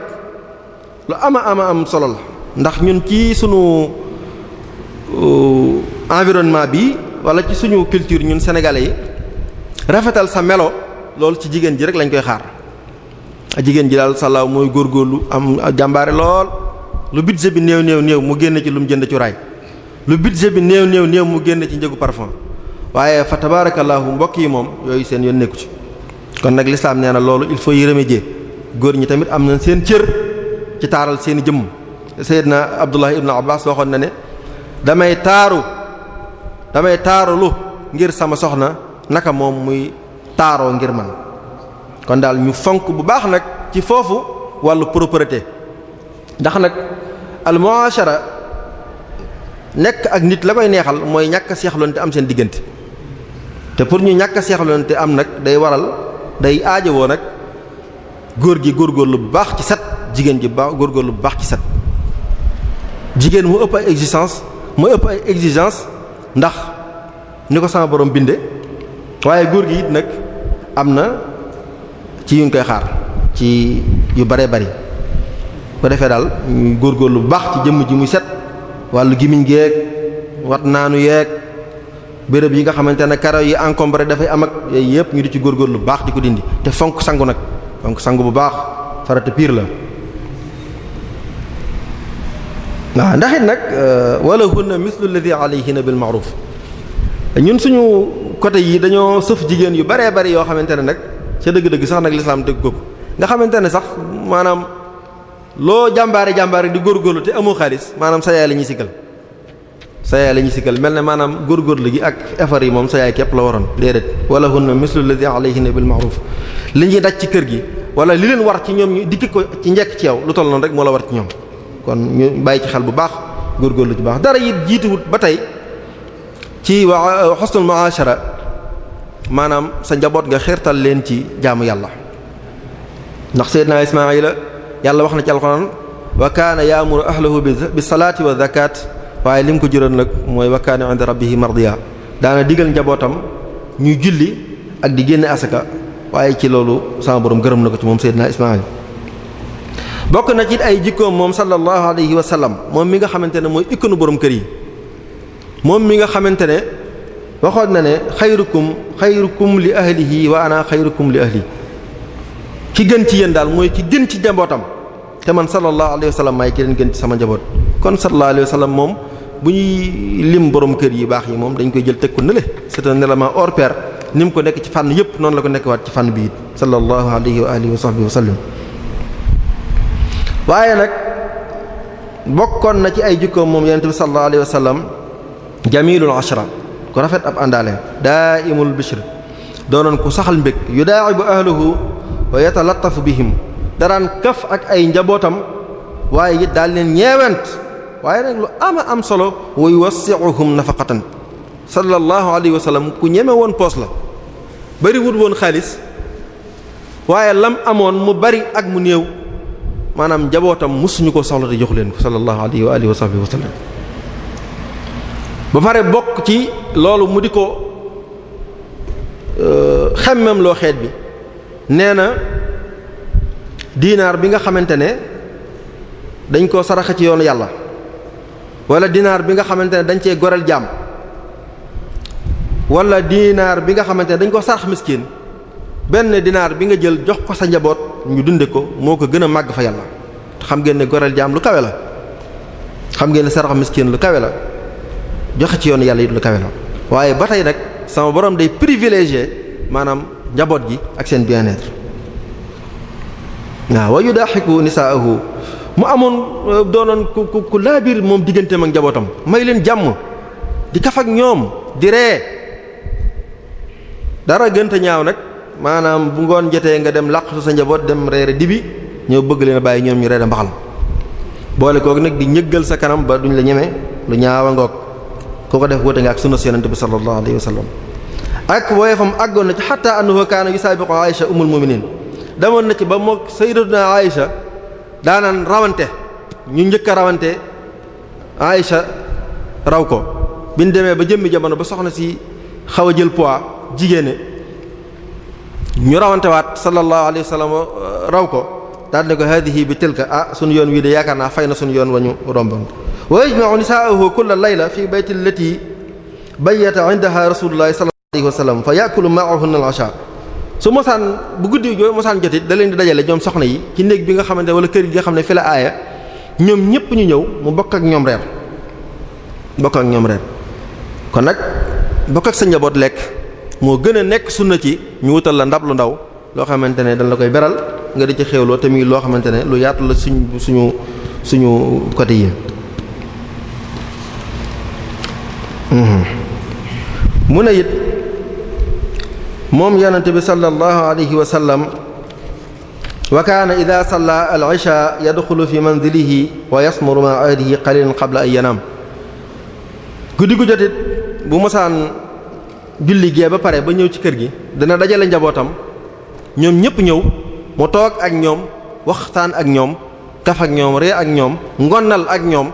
lu ama ama am solo la ndax ñun ci sunu Euh, environnement bi wala ci suñu culture ñun sénégalais yi rafetal sa melo loolu ci jigéen ji rek lañ koy xaar jigéen ji daal salaaw mooy góorgóorlu am jàmbaare lool lu budget bi néew néew néew mu génn ci lu mu jënd ci raay lu budget bi néew néew néew mu génn ci njëgu parfum waaye fa tabarakallahu mbokk yi moom yooyu seen yoon nekku ci kon nag lislaam nee na loolu il faut y remédier góor ñi tamit am na seen cër ci taaral seen i jëmm Seydina Abdullah ibn Abbas waxoon na ne damay taaru damay taarulu ngir sama soxna naka moom muy taaroo ngir man kon daal ñu fonk bu baax nag ci foofu wàllu propreté ndax nag al nekk ak nit la koy neexal mooy ñàkk a seexlonte am seen diggante te pour ñu ñàkk a seexlonte am nag day waral day aajowoo nag góor gi góorgóorlu bu baax ci sat jigéen ji baax góorgóorlu bu baax ci set jigéen mu ëpp ay exigence mooy ëpp ay exigence ndax ni ko sama borom binde waaye góor gi it nag am na ci yu ngi koy xaar ci yu bare bari bu defee daal ñu góorgóorlu bu baax ci jëmm ji muy set wàllu gimiñ geeg wat naa nu yeeg béréb yi nga xamante ne karaw yi encombré dafay am ak yooyu yëpp ñu di ci góorgóorlu lu baax di ko dindi te fonk sangu nag fonk sangu bu baax farata piir la waa ndax it nag euh, wala hunna mislu alladhi alayhinna bil ma'ruf ñun suñu côté yi dañoo sëf jigéen yu baree bari yoo xamante ne nag ca dëgg-dëgg sax nag lislaam dëgg ko nga xamante ne sax maanaam loo jàmbaare jàmbaare di góorgóorlu te amoo xaalis maanaam sa yaay la ñuy sikkal sa yaay la ñuy sikkal mel na maanaam góorgóorlu gi ak effort yi moom sa yaay képp la waroon déedéet wala hunna mislu alladhi alayhinna bil ma'ruf li ñuy daj ci kër gi wala li leen war ci ñoom ñu dikki ko ci njekk ci yow lu toll noonu rek moo la war ci kon ñu bàyyi ci xel bu baax góorgóorlu ci baax dara it jiituwut ba tey ci wa xusnul euh, mu'ashara maanaam sa njaboot nga xeertal leen ci jaamu yàlla ndax seydina ismaila yàlla wax na ci alxuraan wa kaana yaamuru ahlahu bi salaati wa zakat waaye li mu ko juróon nag mooy wa kaana inda rabbihi mardiya daana digal njabootam ñuy julli ak di génne asaka waaye ci loolu sama boroom gërëm na ko ci moom seydina ismaila bokk na ci ay jikkoom moom sallallahu alayhi wa sallam moom mi nga xamante ne mooy ikkanu borom kër yi moom mi nga xamante ne waxoon na ne xayrukum xayrukum li ahlihi wa ana xayrukum li ahli ki gën ci yéen daal mooy ki gën ci njabootam te man sallallahu alayhi wa sallam maay ki leen gën ci sama njaboot kon sallallahu alayhi wa moom bu ñuy lim borom kër yi baax yi moom dañ koy jël teg ko nële c'est un élément hors ni mu ko nekk ci fànn yëpp noonu la ko nekk waat ci fànn bi it sallallahu alayhi wa alihi waaye nag bokkoon na ci ay jikkoom moom yonent bi sallallahu alayhi wa sallam jamilul ku rafet ab àndaale daa imul bishr doonoon ku saxal mbég yu daa'ibu ahluhu wa yatalattafu bihim daraan kaf ak ay njabootam waaye it daal leen ñeewent waaye nag lu ama am solo wa yuwassi'uhum nafaqatan sallallahu alayhi wa sallam ku ñeme woon poos la bari woon xaalis waaye lam amoon mu bari ak mu néew maanaam njabootam mosuñu ko soxla te jox leen ko sallallahu alayhi wa alihi wa sahbihi wa sallam ba pare bokk ci loolu mu di ko euh, xemmem loo xeet bi nee na dinaar bi nga xamante ne dañ koo saraxa ci yoonu yàlla walla dinaar bi nga xamante ne dañ cee goreel jaam wala dinaar bi nga xamante ne dañ koo sarax miskin benn dinaar bi nga jël jox ko sa njaboot ñu dunde ko moo ko gën a màgg fa yàlla xam ngeen ne goreel jaam lu kawe la xam ngeen ne sarax miskin lu kawe la joxe ci yoonu yàlla it lu kawe la waaye ba tey nag sama borom day privilégié maanaam njaboot gi ak seen bien-être waaw wa sa nisaahu mu amoon euh, doonoon ku ku ku laabiir moom digganteem ak njabootam may leen jàmm di kaf ak ñoom di ree dara gënta ñaaw nag maanaam bu ngoon jotee nga dem làqatu sa njaboot dem reere dibi ñëw bëgg leen bàyyi ñoom ñu reere mbaxal boole kooku nag di ñëggal sa kanam ba duñ la ñeme lu a ngoog ku ko def wute nga ak sunna yonent bi sallallahu alayhi wa sallam ak woyefam àggoon na ci xataa annahu kaana yusaabiqu Aïcha ummul mu'minin demoon na ci ba moog sayyidatuna Aïcha daanaan rawante ñu njëkk a rawante Aïcha raw ko biñ demee ba jëmmi jamono ba soxna si xaw a jël poids jigéene ñu rawantewaat sallallahu alayhi wa sallam euh, raw ko daal ne ko hadihi bi tilka ah suñu yoon wii de yaakaar naa fay na suñu yoon wañu rombam wa yajma'u nisa'ahu kulla layla fi bayti allati bayyata 'indaha rasulullahi sallallahu alayhi wa sallam fa ya'kulu ma'ahunna al-'asha su mosaan bu guddi jooy mosaan jotit da leen di dajale ñoom soxna yi ci néeg bi nga xamante wala kër gi nga xam ne fi la aaya ñoom ñëpp ñu ñëw mu bokk ak ñoom reer bokk ak ñoom reer kon nag bokk ak sa njaboot lekk moo gën a nekk sunna ci ñu wutal la ndab lu ndaw loo xamante ne dañ la koy beral nga di ci xéwloo te muy loo xamante ne lu yaatu la suñ suñu suñu côté yi. Mm-hmm. mu ne it moom yonent bi sallallahu alayhi wa sallam wa kaana ida salla al isha yadxulu fi manzilihi wa yasmuru ma ahlihi qalilan qabla yanam bu mosaan julli gee ba pare ba ñëw ci kër gi dana dajale njabootam ñoom ñëpp ñëw mu toog ak ñoom waxtaan ak ñoom kaf ak ñoom ree ak ñoom ngonal ak ñoom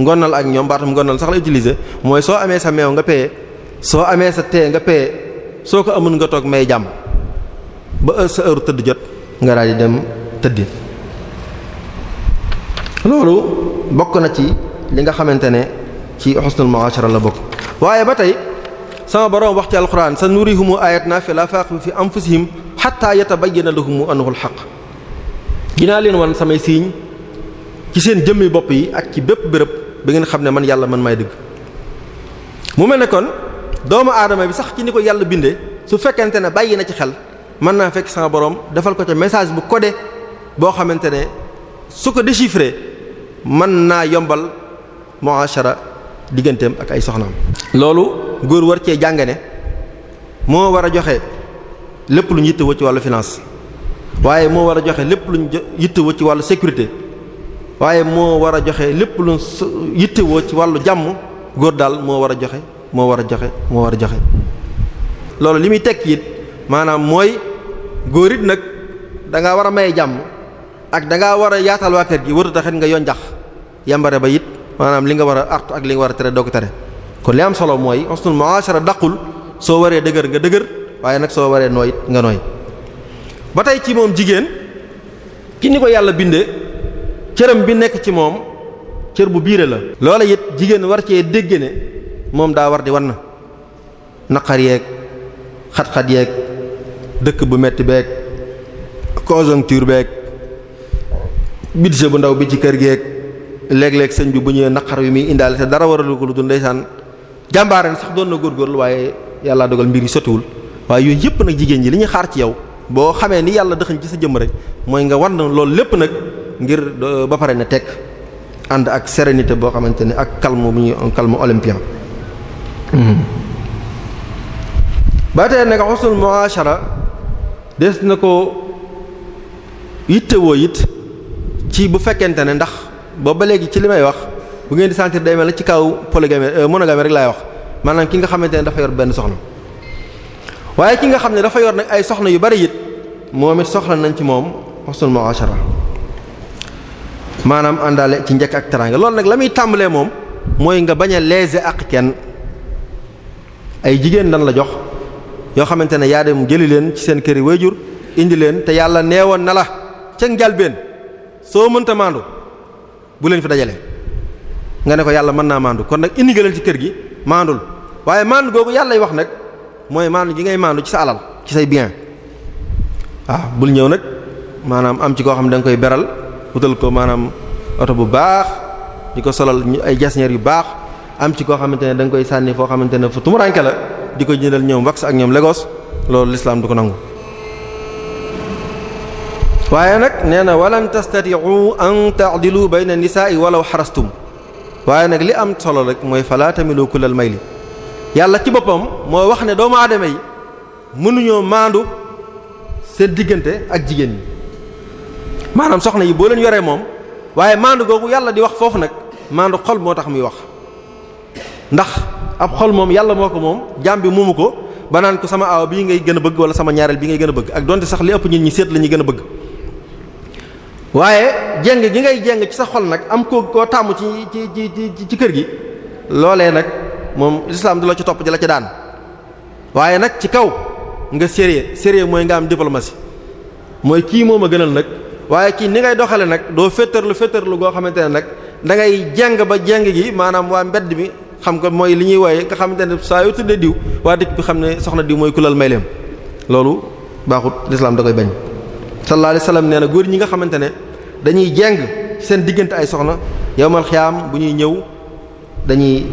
ngonal ak ñoom baatam ngonal sax la utiliser mooy soo amee sa meew nga paye soo amee sa tee nga paye soo ko amul nga toog may jàmm ba heure sa heure tëdd jot nga daal di dem tëddi loolu bokk na ci li nga xamante ne ci husnul mu'ashara la bokk waaye ba tey sama borom wax ci alxuraan sa nurihumu ayatina fil afaqi fi anfusihim hatta yatabayyana lahum annahu alhaq dinaa leen wan samay siiñ ci seen jëmmi bopp yi ak ci bépp béréb bi ngeen xam ne man yàlla man maay dëgg mu mel ne doomu aadama bi sax ci ni ko yàlla binde su fekkente ne bàyyi na ci xel mën naa fekk sama boroom defal ko ca message bu codé boo xamante ne su ko déchiffrer man naa yombal muashara digganteem ak ay soxnaam loolu góor war cee jàngane moo war a joxe lépp lu ñu yittewoo ci wàllu finance waaye moo war a joxe lépp lu ñu yittewoo ci wàllu sécurité waaye moo war a joxe lépp lu yittewoo ci wàllu jàmm góor daal moo war a joxe moo war a joxe moo war a joxe loolu li muy tekki it maanaam mooy góor it nag da war a maye jàmm ak da ngaa war a yaatal waa gi warut a nga yoon jax yambare ba it maanaam li nga war a artu ak li nga war a tere doo ko tere kon li am solo mooy husnul mu'ashara daqul soo waree dëgër nga dëgër waaye nag soo waree nooy nga nooy ba tey ci moom jigéen ki ni ko yàlla bindee cëram bi nekk ci moom cër bu biire la. loola it jigéen war cee dégg ne moom daa war di wan na naqar yeeg xat-xat yeeg dëkk bu metti beeg conjoncture beeg budget bu ndaw bi ci kër geeg léeg-léeg sëñ bi bu ñëwee naqar wi muy indaale te dara waralu ko lu dul ndeysaan jàmbaareen sax doon na góorgóorlu waaye yàllaa dogal mbir yi sottiwul waaye yooyu yëpp nag jigéen ñi li ñuy xaar ci yow boo xamee ni yàlla dëxañ ci sa jëmm rek mooy nga war na loolu lépp nag ngir euh, ba pare na teg ànd ak sérénité boo xamante ne ak calme bu ñuy calme olympien hmm. ba tey nag xusnul muashara des na ko yittewoo it ci bu fekkente ne ndax booba léegi ci li may wax bu ngeen di sentir day mel ci kaw polygamie euh, monogamie rek laay wax maanaam ki nga xamante ne dafa yor benn soxna waaye ki nga xam ne dafa yor nag ay soxna yu bari it moom it soxla nañ ci moom xusnul mu'ashara maanaam àndaale ci njëkk ak teraanga lool nag la muy tàmbalee moom mooy nga bañ a léser kenn ay jigéen lan la jox yoo xamante ne yaa dem jëli leen ci seen kër yi wayjur indi leen te yàlla nee neewoon na la ca njalbeen soo mënta maandu buleen fi dajale nga ne ko yàlla mën naa maandu kon nag indi galal ci kër gi maandul waaye maandu googu yàllay wax nag mooy maandu gi ngay maandu ci sa alal ci say bien waaw bul ñëw nag maanaam am ci koo xam ne da koy beral wutal ko maanaam oto bu baax di ko solal ay jasneer yu baax am ci koo xamante ne da koy sànni foo xamante ne fu tumuranke la di ko jëndal ñoom wax ak ñoom Lagos loolu lislaam du ko nangu waaye nag nee na walan tastati'u an ta'dilu bayna nisa'i walaw harastum waaye nag li am solo rek mooy falaa tamilu may li yàlla ci boppam moo wax ne doomu aadama yi mënuñoo maandu seen diggante ak jigéen ñi maanaam soxna yi boo leen yoree moom waaye maandu googu yàlla di wax foofu nag maandu xol moo tax muy wax ndax ab xol moom yàlla moo ko moom jaam bi mu ko ba naan ko sama aaw bii ngay gën a bëgg wala sama ñaareel bi ngay gën a bëgg ak donte sax li ëpp nit ñi seet la ñuy gën a bëgg waaye jeng gi ngay jàng ci sa xol nag am koo koo tàmm ci ci ci ci kër gi loolee nag moom lislaam du la ci topp di la ca daan waaye nag ci kaw nga sérieux sérieux mooy nga am diplomatie mooy kii moom a gënal nag waaye kii ni ngay doxale nag doo féttarlu féttarlu goo xamante ne nag da ngay jeng ba jeng gi maanaam waa mbedd mi xam ko mooy li ñuy wooye nga xamante ne saa yoo tuddee diw waa dëkk bi xam ne soxna diw mooy kulal may leem loolu baaxut lislaam da koy bañ sallallahu alayhi wasallam nee na góor ñi nga xamante ne dañuy jeng seen diggante ay soxna yowmal xiyaam bu ñuy ñëw dañuy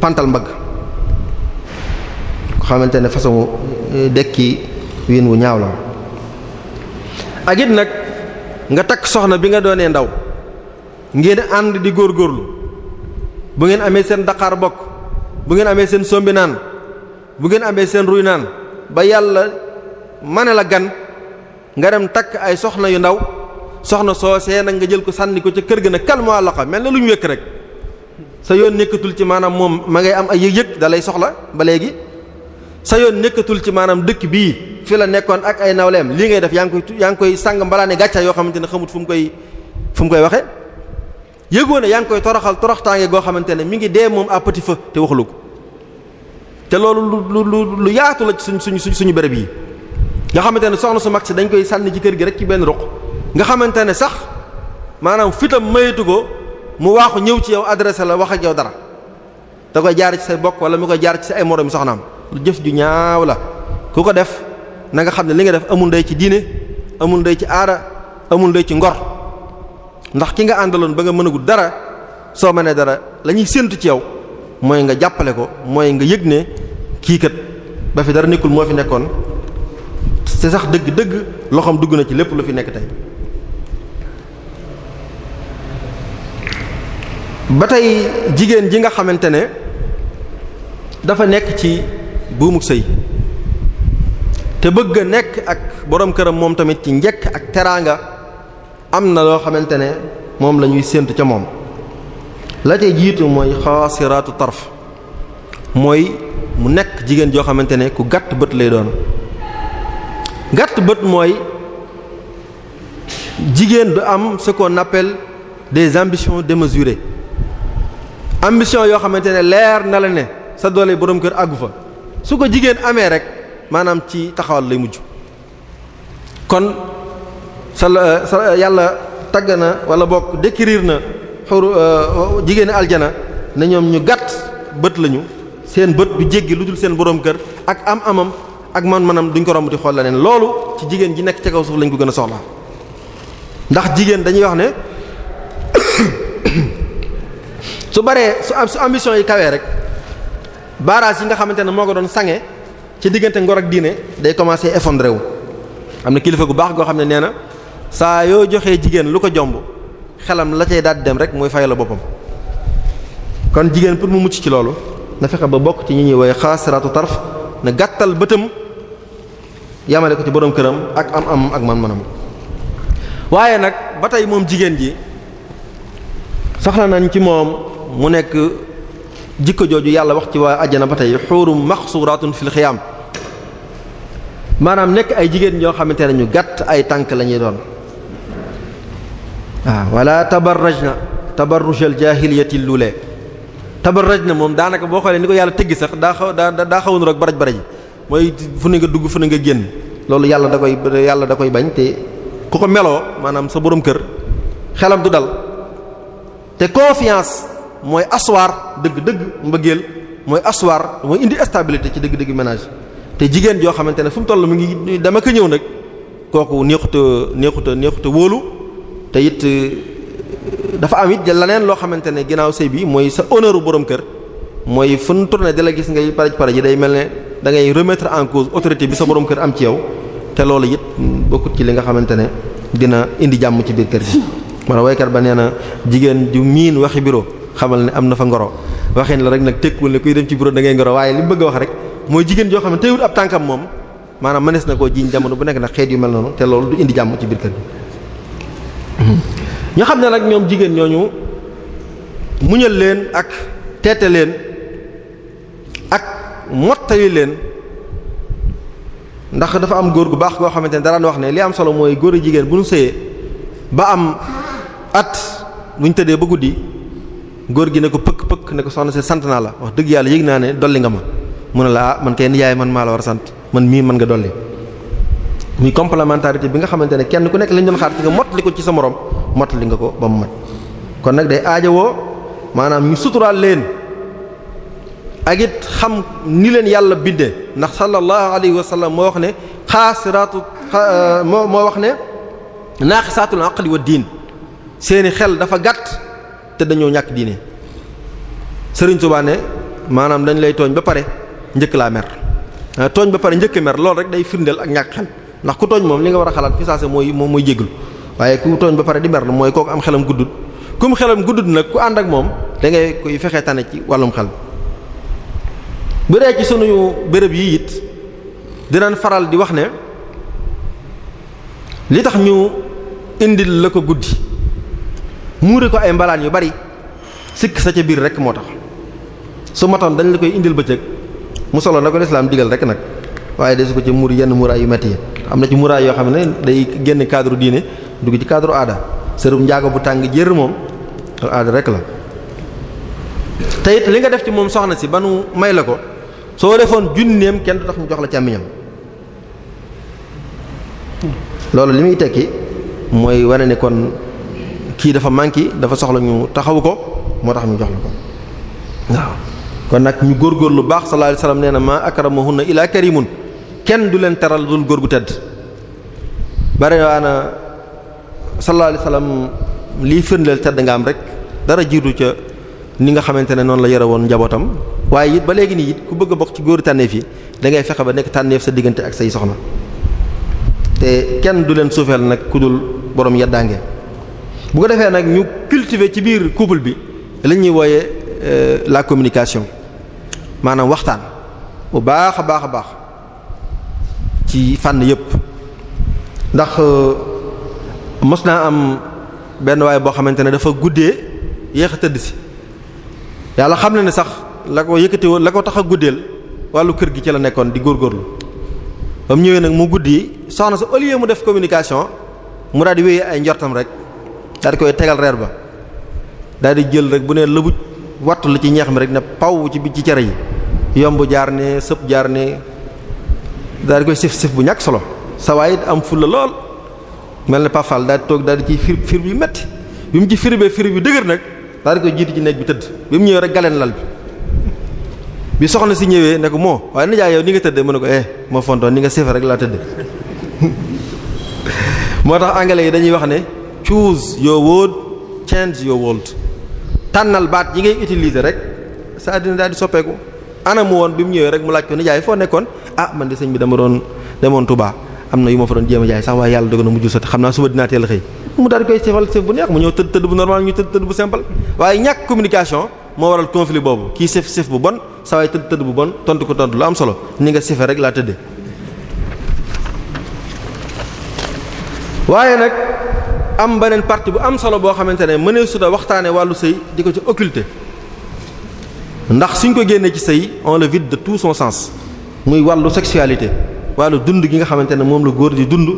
pantal mbag ko xamante ne façon euh, dekki wiin wu ñaaw la ak nag nga takk soxna bi nga doonee ndaw ngeen ànd di góor góorlu bu ngeen amee seen daqaar bokk bu ngeen amee seen sombi naan bu ngeen amee seen ruy naan ba yàlla mane la gan nga dem takk ay soxna yu ndaw soxna soosee nag nga jël ko sànni ko ca kër gi ga nag kalma loxo mel na lu ñu wékk rek sa yoon nekkatul ci maanaam moom ma ngay am ay yëg-yëg da lay soxla ba léegi sa yoon nekkatul ci maanaam dëkk bii fi la nekkoon ak ay nawleem li ngay def yaa ngi koy yaa ngi koy sàng mbalaane gàcca yoo xamante ne xamut fu mu koy fu mu koy waxe yëgoo ne yaa ngi koy toroxal toroxtaange goo xamante ne mi ngi dee moom à petit feu te waxulu ko te loolu lu lu lu ci suñ suñ suñu bërëb yi nga xamante ne soxna su mag si dañ koy sànni ci kër gi rek ci benn ruq nga xamante ne sax maanaam fitam mayatu ko mu waaxu ñëw ci yow adressé la wax ak yow dara da koy jaar ci say bokk wala mu koy jaar ci sa ay moroom soxnaam lu jëf ju ñaaw la ku ko def na nga xam ne li nga def amul ndey ci diine amul ndey ci aada amul ndey ci ngor ndax ki nga àndaloon ba nga mënagul dara soo mënee dara lañuy ñuy séentu ci yow mooy nga jàppale ko mooy nga yëg ne kii kat ba nekkul moo fi nekkoon te sax dëgg dëgg loxoom dugg na ci lépp lu fi nekk tey ba tey jigéen ji nga xamante ne dafa nekk ci buumug sëy te bëgg a nekk ak boroom këram moom tamit ci njëkk ak teraanga am na loo xamante ne moom lañuy ñuy séentu ca moom la tey jiitu mooy xaasiraatu tarf mooy mu nekk jigéen joo xamante ne ku gàtt bët lay doon gàtt bët mooy jigéen du am ce qu'on appelle des ambitions démesurées ambition yoo xamante ne leer na la ne sa doole boroom kër àggu fa su ko jigéen amee rek maanaam ci taxawal lay mujj kon sa sa yàlla tagg na wala bokk décrire na xuru euh, jigéen aljana na ñoom ñu gàtt bët lañu seen bët bu jéggi lu dul seen boroom kër ak am amam ak man manam duñ ko romb di xool la neen loolu ci jigéen ji nekk ci kaw suuf lañ ko gën a soxla ndax jigéen dañuy wax ne su baree su am su ambition yi kawee rek barrage yi nga xamante ne moo ko doon sange ci diggante ngor ak diine day commencer effondré wu am na kilifa gu baax goo xam ne nee na saa yoo joxee jigéen lu ko jomb xelam la cay daal dem rek mooy fay la boppam kon jigéen pour mu mucc ci loolu na fexe ba bokk ci ñu ñuy woy xaasiratu tarf yamale ko ci boroom këram ak am am ak man manam waaye nag ba tey moom jigéen ji soxla nañ ci moom mu nekk jikko jooju yàlla wax ci waa ajjana ba tey xuurum maxsuratun fil xiyaam maanaam nekk ay jigéen ñoo xamante ne ñu gàtt ay tànk la ñuy doon waaw wala tabarrajna tabarrujal jaahiliyati lule tabarrajna moom daanaka boo xoolee ni ko yàlla tëggi sax daa xaw daa daa xawoon rek baraj baraj mooy fu ne nga dugg fu ne nga génn loolu yàlla da koy yàlla da koy bañ te ku ko meloo maanaam sa borom kër xelam du dal te confiance mooy asseoir dëgg-dëgg mbëggeel mooy asseoir mooy indi stabilité ci dëgg-dëgg ménage te jigéen joo xamante ne fu mu toll mu ngi dama ko ñëw nag kooku neexuta neexuta neexuta wóolu te it euh, dafa am it leneen loo xamante ne ginnaaw sëy bi mooy sa honneur borom kër mooy fu nu tourné di la gis ngay paraj paraj yi day mel ne da ngay remettre en cause autorité bi sa borom kër am ci yow te loolu it bokkut ci li nga xamante ne dina indi jàmm ci biir kër gi. maanaam waykat ba nee na jigéen ju miin waxi biro xamal ne am na fa ngoro waxin la rek nag tekkul ne kuy dem ci bureau da ngay ngoro waaye li bëgg a wax rek mooy jigéen joo xam ne teewul ab tànkam moom maanaam manees na koo jiiñ jamono bu nekk nag xeet yu mel noonu te loolu du indi jàmm ci biir kër gi. ñu xam ne nag ñoom jigéen ñooñu muñal leen ak teete leen mottali leen ndax dafa am góor gu baax goo xamante ne daraan wax ne li am solo mooy góor a jigéen bu ñu sëyee ba am at bu ñu tëddee ba guddi góor gi ne ko pëkk pëkk ne ko soxna si sant naa la wax dëgg yàlla yëg naa ne dolli nga ma mu ne la ah, man kay nijaay man maa la war a sant man mii mën nga dolli muy complémentarité bi nga xamante ne kenn ku nekk lañ doon xaar ci nga mottali ko ci sa morom mottali nga ko ba mu mat kon nag day aajowoo maanaam ñu ak it xam ni leen yàlla bindee ndax sallallahu alayhi wa sallam moo wax ne xaasiraatu euh, moo moo wax ne naaxisaatul aqli wa diin seeni xel dafa gàtt te dañoo ñàkk diine Sëriñ Tuubaa ne maanaam dañ lay tooñ ba pare njëkk laa mer euh, tooñ ba pare njëkk mer loolu rek day firndeel ak ñàkk xel ndax ku tooñ moom li nga war a xalaat fi saase mooy moom mooy jéglu waaye ku tooñ ba pare di mer mooy kooku am xelam guddut kum xelam guddut nag ku ànd ak moom da ngay koy fexe tane ci wàllum xel. bu dee ci sunuyu béréb yi it dinañ faral di wax ne li tax ñu indi la ko guddi muuri ko ay mbalaan yu bari sikk sa ca biir rek moo tax su matoon dañ la koy indil bëccëg mu solo na ko lislaam digal rek nag waaye de su ko ci muur yenn muuraay yu metti am na ci muuraay yoo xam ne day génn cadre diine dugg ci cadre aada sërum njaago bu tàng jër moom aada rek la te it li nga def ci moom soxna si ba nu may la ko soo defoon junneem kenn du tax ñu jox la càmmiñam loolu li muy tekki mooy wane ne kon kii dafa manqué dafa soxla ñu taxaw ko moo tax ñu jox la ko waaw kon nag ñu góor góor lu baax sallallahu alayhi wasallam nee na ma akramahunna ila karimun kenn du leen teral dul góor gu tedd bari waana sallallahu alayhi wasallam liy firndeel tedd nga am rek dara jiitu ca ni nga xamante ne noonu la yore woon njabootam waaye it ba léegi nii it ku bëgg a bokk ci góor tànneef yi dangay fexe ba nekk tànneef sa diggante ak say soxna te kenn du leen suufeel nag ku dul borom yaddaange bu ko defee nag ñu cultiver ci biir couple bi lañuy wooye wooyee euh, la communication maanaam waxtaan bu baax a baax a baax ci fànn yépp ndax euh, mos naa am benn waaye boo xamante ne dafa guddee yéex a tëdd si yàlla xam na ne sax la ko yëkkati woon la ko tax a guddeel wàllu kër gi ci la nekkoon di góorgóorlu ba mu ñëwee nag mu guddi soxna sa au lieu mu def communication mu daal di wéyee ay njortam rek daal koy tegal reer ba daal di jël rek bu nee lëbuj wattu la ci ñeex mi rek ne paw ci bi ci cere yi yomb jaar ne sëpp jaar ne daal koy sif sif bu ñàkk solo sa waay it am fulla lool mel na pafal daal di toog daal di ciy fir fir mett metti bi mu ci firibee firi bi dëgër nag daal di koy jiitu ci néeg bi tëdd bi mu ñëwee rek galeen lal bi bi soxna si ñëwee ne ko moo waaye nijaay yow ni nga tëddee mu ne ko eh moo fontoon ni nga sefe laa tëdd tax anglais yi dañuy wax ne choose yow word change your world tànnal baat yi ngay utiliser rek sa àddina daal di soppeeku anamu woon bi mu ñëwee rek mu laaj ko nijaay foo nekkoon ah man de sëñ bi dama doon demoon Touba am na yu ma fa doon jéem a jaay sax waaye yàlla dogal na mujjul sotti xam naa suba dinaa teel xëy mu daal di koy sefal sef bu neex mu ñëw tëdd tëdd bu normal ñu tëdd tëdd bu simple waaye ñàkk communication moo waral conflit boobu kii sef sef bu bon saa waay tëdd tëdd bu bon tontu ko tontu lu am solo ni nga sefe rek laa tëddee. waaye nag am beneen partie bu am solo boo xamante ne mënee suta waxtaane wàllu sëy di ko ci occulter ndax suñ ko génnee ci sëy on le vide de tout son sens muy wàllu sexualité wàllu dund gi nga xamante ne moom la góor di dund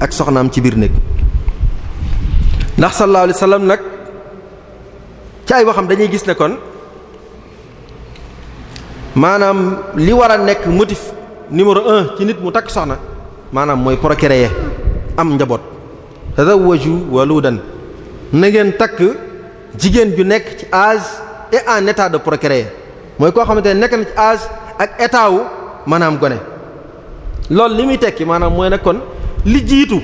ak soxnaam ci biir néeg ndax sallallahu alayhi wasallam nag ci ay waxam dañuy gis ne kon maanaam li war a nekk motif numéro un ci nit mu takk soxna maanaam mooy procréer am njaboot tazawwaju waludan na ngeen takk jigéen ju nekk ci âge et en état de procréer mooy koo xamante ne nekk na ci âge ak état wu maanaam gone loolu li muy tekki maanaam mooy nag kon li jiitu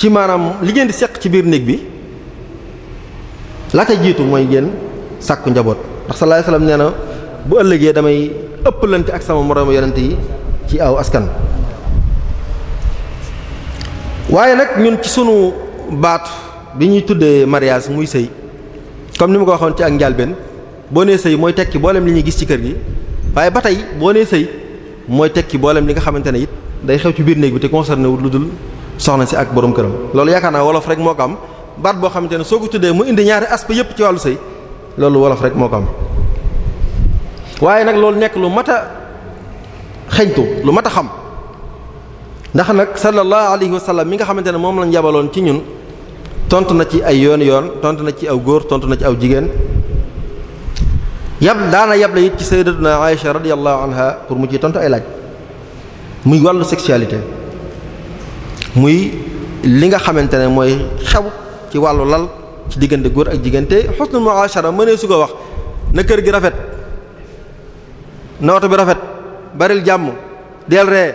ci maanaam li ngeen di seq ci biir néeg bi la ca jiitu mooy ngeen sàkku njaboot ndax sallallahu alayhi wasallam nee na bu ëllëgee damay ëppalante ak sama moroom yonent yi ci aw askan. waaye nag ñun ci sunu baat bi ñuy tuddee mariage muy sëy comme ni ma ko waxoon ci ak njàlbeen boo nee sëy mooy tekki boolem li ñuy gis ci kër gi waaye ba tey boo nee sëy mooy tekki boolem li nga xamante ne it day xew ci biir néeg bi te concerné wul lu dul soxna si ak boroom këram loolu yaakaar naa wolof rek moo ko am baat boo xamante ne soo ko tuddee mu indi ñaari aspect yépp ci wàllu sëy loolu wolof rek moo ko am waaye nag loolu nekk lu mat a xeñtu lu mat a xam ndax nag sallallahu alayhi wa sallam mi nga xamante ne moom la yabaloon ci ñun tontu na ci ay yoon yoon tontu na ci aw góor tontu na ci aw jigéen yab daana yable it ci sayyidatuna Aisha radiyallahu anha pour mu ciy tontu ay laaj muy wàllu sexualité muy li nga xamante ne mooy xew ci wàllu lal ci diggante góor ak diggante husnul mu'ashara mënee su ko wax na kër gi rafet na oto bi rafet baril jàmm del ree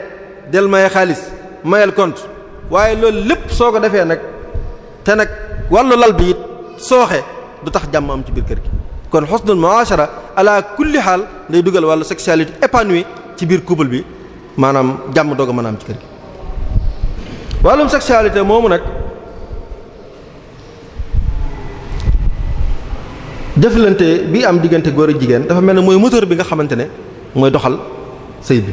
del maye xaalis mayel compte waaye loolu lépp soo ko defee nag te nag wàllu lal bi it sooxe du tax jàmm am ci biir kër gi kon husnul mu'ashara ala kulli xaal day dugal wàllu sexualité épanouie ci biir couple bi maanaam jàmm doog a mën a ci kër gi wàllum sexualité moomu nag jëflante bi am diggante góor ak jigéen dafa mel ne mooy moteur bi nga xamante ne mooy doxal sëy bi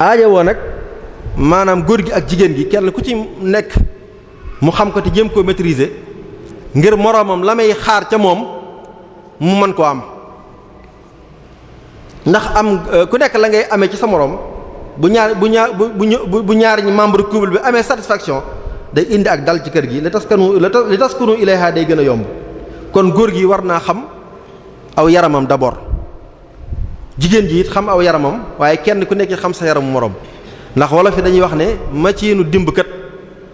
aaja woo nag maanaam góor gi ak jigéen gi kenn ku ci nekk mu xam ko te jéem koo maîtriser ngir moroomam la may xaar ca moom mu mën koo am ndax am euh, ku nekk la ngay amee ci sa moroom bu ñaar bu ñaar bu bu ñaar ñi membre couple bi amee satisfaction day indi ak dal ci kër gi li taskanu li taskanu ilayha day gën a yomb kon góor gi war naa xam aw yaramam d'abord jigéen ji it xam aw yaramam waaye kenn ku nekk xam sa yaramu moroom ndax wala fi dañuy wax ne maciinu dimb kat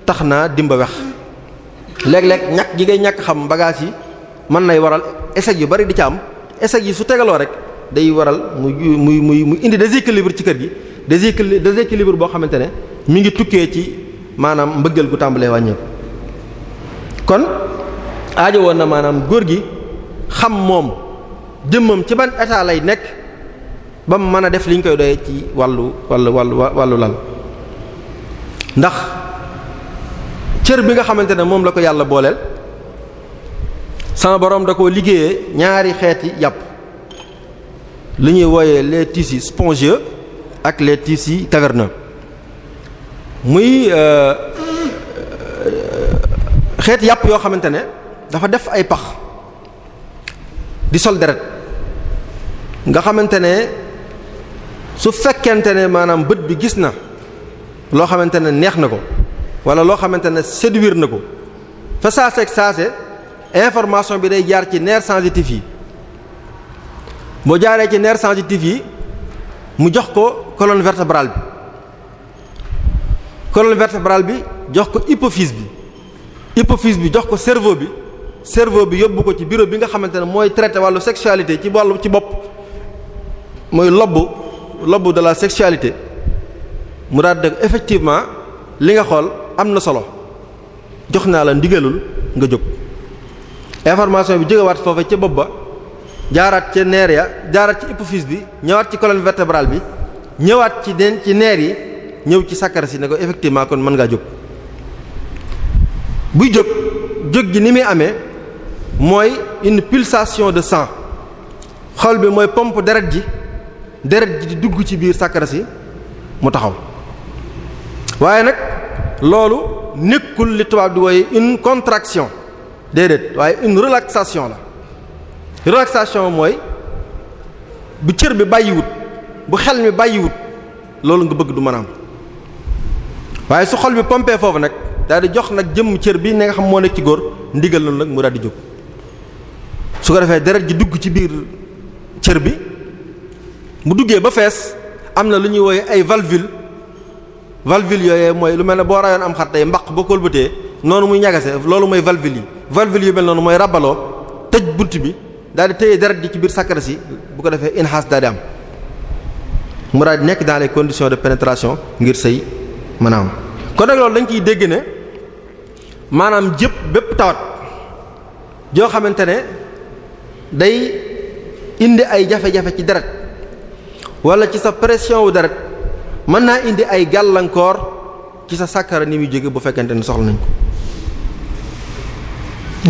tax naa dimba wex léeg-léeg ñàkk gi ngay ñàkk xam bagages yi mën nay waral échec yu bari di ca am échec yi su tegaloo rek day waral muy muy muy mu indi déséquilibre ci kër gi déséquili déséquilibre boo xamante ne mu ngi tukkee ci maanaam mbëggal gu tàmbalee wàññeeku kon aajo woon na maanaam góor gi xam moom jëmmam ci ban état lay nekk ba mu mën a def li ñu koy doyee ci wàllu wàllu wàllu wàllu lal ndax cër bi nga xamante ne moom la ko yàlla booleel sama borom da koo liggéeyee ñaari xeeti yàpp li ñuy wooyee les tissus spongieux ak les tissus caverneux muy euh, euh, xeet yàpp yoo xamante ne dafa def ay pax di sol deret nga xamante ne su fekkente ne maanaam bët bi gis na loo xamante ne neex na ko wala loo xamante ne séduire na ko fa saaseeg saase information bi day jaar ci neer sensitif yi boo jaaree ci nerf sensitif yi mu jox ko colonne vertébrale bi colonne vertébrale bi jox ko hypophyse bi hypophyse bi jox ko cerveau bi cerveau bi yóbbu ko ci bureau bi nga xamante ne mooy traité wàllu sexualité ci wàllu ci bopp mooy lobbu lobbu de la sexualité mu daal dëgg effectivement li nga xool am na solo jox naa la ndigalul nga jóg information bi jógewaat foofa ca bopp ba jaaraat ci neer ya jaaraat ci hypophyse bi ñëwaat ci colonne vertébrale bi ñëwaat ci den ci neer yi ñëw ci sakkar si ne ko effectivement kon mën ngaa jóg buy jóg jóg gi ni muy amee mooy une pulsation de sang xol bi mooy pompe deret ji deret ji di dugg ci biir sakkar si mu taxaw waaye nag loolu nekkul li tubaab di wooye une contraction déedéet waaye une relaxation la relaxation mooy bu cër bi bàyyiwut bu xel mi bàyyiwut loolu nga bëgg du mën waaye su xol bi pompé foofu nag daal jox nag jëmm cër bi ne nga xam moo nekk ci góor ndigal loolu nag mu daal di jóg su ko defee deret ji dugg ci biir cër bi mu duggee ba fees am na lu ñuy wooye ay valvule valvule yooyee mooy lu mel ne boo rayoon am xar tey mbaq ba kolbatee noonu muy ñagase loolu mooy valvule yi valvule yu mel noonu mooy rabaloo tëj bunt bi daal di téye deret ji ci biir sàkkara si bu ko defee inxaas daal di am mu daal nekk dans les conditions de pénétration ngir sëy mën a am kon nag loolu dañ koy dégg ne maanaam jëpp bépp tawat joo xamante ne day indi ay jafe-jafe ci deret wala ci sa pression wu deret mën naa indi ay gàllankoor ci sa sàkkara ni muy jóge bu fekkente ne soxla nañ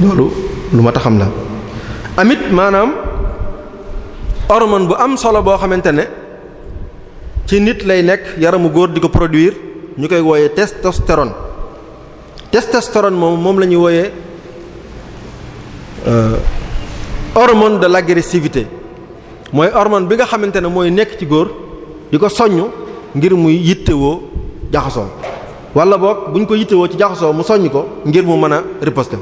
ko loolu lu ma taxam la amit maanaam hormone bu am solo boo xamante ne ci nit lay nekk yaramu góor di ko produire ñu koy wooyee testostérone testostérone moom moom la ñuy wooyee euh, ormone de l'agressivité mooy hormone bi nga xamante ne mooy nekk ci góor di ko soññ ngir muy yittewoo jaxasoo wala boog buñ ko woo ci jaxasoo mu soññ ko ngir mu mën a riposter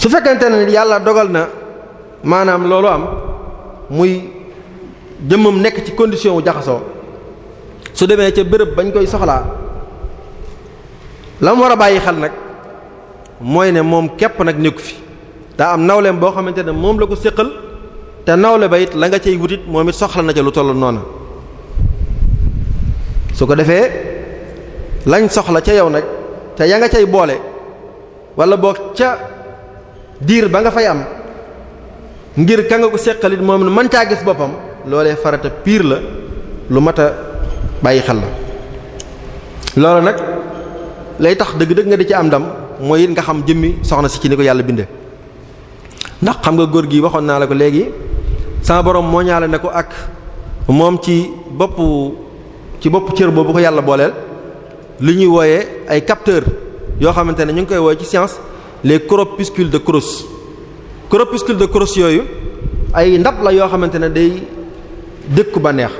su fekkente ne yàlla dogal na maanaam loolu am muy jëmmam nekk ci condition wu jaxasoo su demee ca béréb bañ koy soxlaa la mu war a bàyyi xel nag mooy ne moom képp nag nekku fi daa am nawleem boo xamante ne moom la ko séqal te nawle ba it la nga cay wutit moom it soxla na ca lu tollu noona su ko defee lañ soxla ca yow nag te ya nga cay boole wala boog ca diir ba nga fay am ngir ka nga ko seqalit moom mën caa gis boppam loolee farata piir la lu mat a bàyyi xel la loolu nag lay tax dëgg-dëgg nga di ci am ndam mooy it nga xam jëmmi soxna si ci ni ko yàlla bindee ndax xam nga góor gi waxoon naa la ko léegi sama borom moo ñaale ne ko ak moom ci boppu ci boppu cër boobu ko yàlla booleel li ñuy wooyee ay capteur yoo xamante ne ñu ngi koy wooye ci science les corpuscules de crosse corpuscule de crosse yooyu ay ndab la yoo xamante ne day dëkku ba neex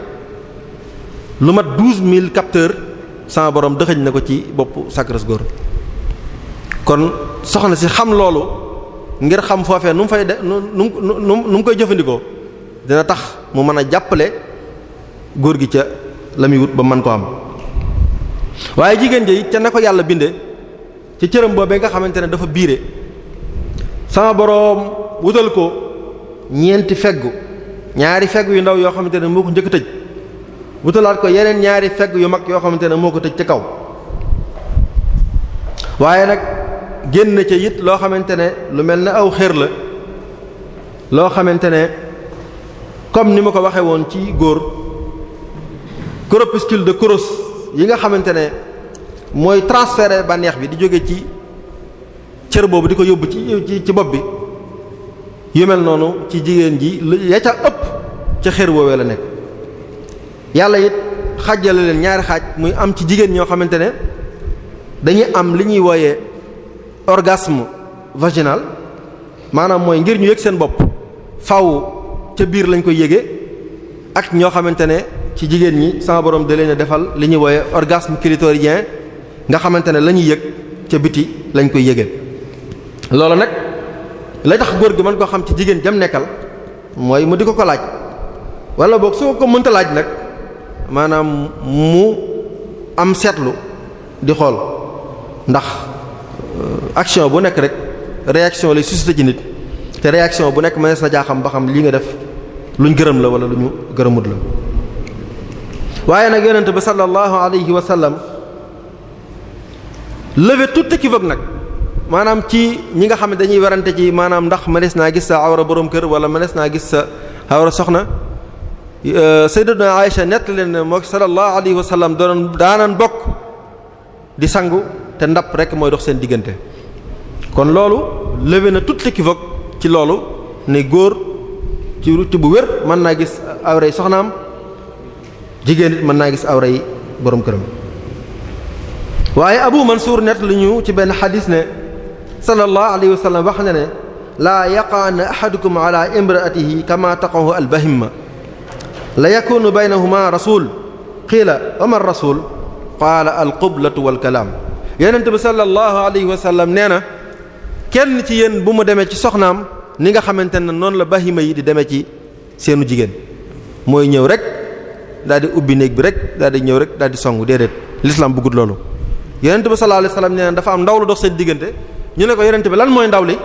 lu mat douze mille capteurs sama borom dëxëñ na ko ci boppu Sacré góor kon soxna si xam loolu ngir xam foofee nu mu fay de nu mu nu mu koy jëfandikoo dina tax mu mën a jàppale góor gi ca la muy ba mën ko am waaye jigéen ji ca na ko yàlla binde ci cëram boobee nga xamante ne dafa biire sama boroom wutal ko ñeenti feggu ñaari feggu yu ndaw yoo xamante ne moo ko njëkk tëj wutalaat ko yeneen ñaari fegg yu mag yoo xamante ne moo ko tëj ca kaw waaye nag génn ca it loo xamante ne lu mel ne aw xér la loo xamante ne comme ni ma ko waxee woon ci góor corpuscule de crosse yi nga xamante ne mooy transférer bànneex bi di jóge ci cër boobu di ko yóbbu ci ci bopp bi yu mel noonu ci jigéen ji ya ca ëpp ca xër woowee la nekk yàlla it xàjjale leen ñaari xaaj muy am ci jigéen ñoo xamante ne dañuy am li ñuy wooyee orgasme vaginal maanaam mooy ngir ñu yëg seen bopp faw ca biir lañ koy yëge ak ñoo xamante ne ci jigéen ñi sama borom da leen defal li ñuy wooyee orgasme clitoridien nga xamante ne la ñuy yëg ca biti lañu koy yëgee loolu nag la tax góor gi mën koo xam ci jigéen jam nekkal mooy mu di ko ko laaj wala boog su ko ko mënta laaj nag maanaam mu am seetlu di xool ndax euh, action bu nekk rek réaction lay suscité ci nit te réaction bu nekk mënees na jaaxam ba xam lii nga def luñ gërëm la wala lu ñu gërëmut la waaye nag yonent bi sallallahu alayhi lever tout équivoque nag maanaam ci ñi nga xam ne dañuy werante ci maanaam ndax mënees naa gis sa awra borom kër wala mënees naa gis sa awra soxna euh, sayyidatuna Aisha nett leen ne moo sallallahu alayhi wa sallam doon daanan bokk di sangu te ndap rek mooy dox seen diggante kon loolu lever na tout l'équivoque ci loolu ne góor ci ci bu wér mën naa gis awra yi soxnaam jigéen it mën naa gis awra yi borom këram waaye Abu Mansuur net lu ñu ci benn xadis ne sallallahu alayhi wa sallam wax na ne laa yaqaana ahadukum ala imraatihi kama taqahu albahima la yakunu baynahuma rasul qiila wa man rasul qaala alqublatu walkalaam yonent bi sallallahu alayhi wa sallam nee na kenn ci yéen bu mu demee ci soxnaam ni nga xamante ne noonu la bahima yi di demee ci seenu jigéen mooy ñëw rek daal di ubbi néeg bi rek daal di ñëw rek daal di song déedéet l'islam bëggut loolu yonent bi sallallahu alayhi wasallam nee dafa am ndaw lu dox seen diggante ñu ne ko yonent bi lan mooy ndaw li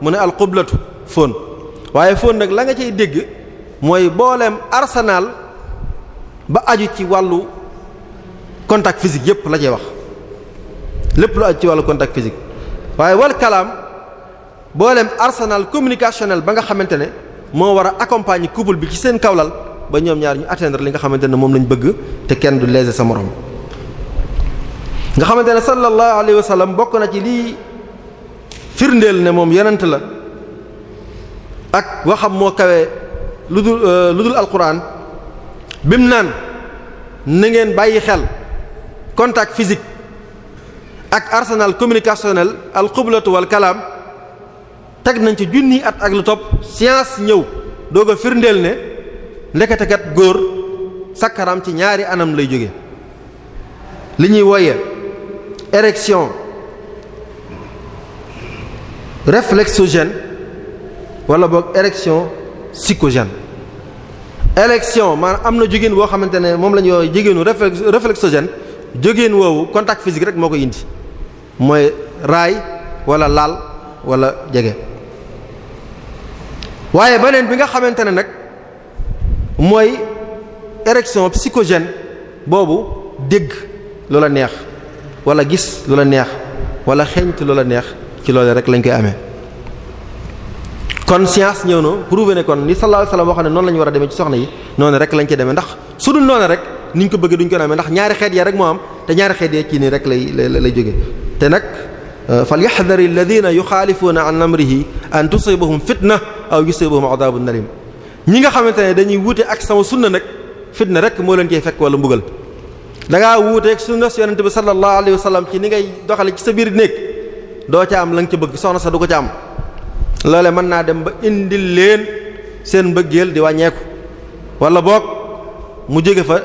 mu ne alqublatu fóon waaye fóon nag la nga cay dégg mooy booleem arsenal ba aju ci wàllu contact physique yépp la cay wax lépp lu aju ci wàllu contact physique waaye wal kalaam booleem arsenal communicationnel ba nga xamante ne moo war a accompagner couple bi ci seen kawlal ba ñoom ñaar ñu atteindre li nga xamante ne moom lañ bëgg te kenn du léser sa moroom nga xamante ne sallallahu alayhi wa sallam bokk na ci lii firndeel ne moom yonent la ak waxam moo kawe lu dul euh, lu dul alquran bim naan na ngeen bàyyi xel contact physique ak arsenal communicationnel al xublatu wal kalaam teg nañ ci junni at ak lu topp science ñëw doog a firndeel ne ndekete góor sakkaraam ci ñaari anam lay jóge li ñuy woye érection réflexogène wala boog érection psychogène érection maanaam am na jógéen woo xamante ne moom la ñu woowe jigéenu réflexogène jógéen woowu contact physique rek moo ko indi mooy raay walla laal walla jege waaye beneen bi nga xamante ne nag mooy érection psychogène boobu dégg loola neex wala gis lu la neex wala xeeñt lu la neex ci loolu rek lañ koy amee kon science ñëw na prouvé ne kon ni sallallahu alayhi wasallam waxoon ne noonu lañu war a demee ci soxna yi noonu rek lañ ci deme ndax su dul noonu rek niñ ko bëggee duñ ko amee ndax ñaari xeet ya rek moo am te ñaari xeet ya ci nii rek lay lay jóge te nag yu euh, na falyahdari alladhina yuxaalifuuna an amrihi an tusibahum fitna aw yusibahum adabun nalim ñi nga xamante ne dañuy wuute ak sama sunna nag fitna rek moo leen cee fekk wala mbugal da ngaa wuuteeg sunna si yonent bi sallallahu alayhi wa ci ni ngay doxale ci sa biir néeg doo ca am lañ nga ci bëgg soxna sa du ko ca am loole mën naa dem ba indil leen seen mbëggeel di wàññeeku walla boog mu jóge fa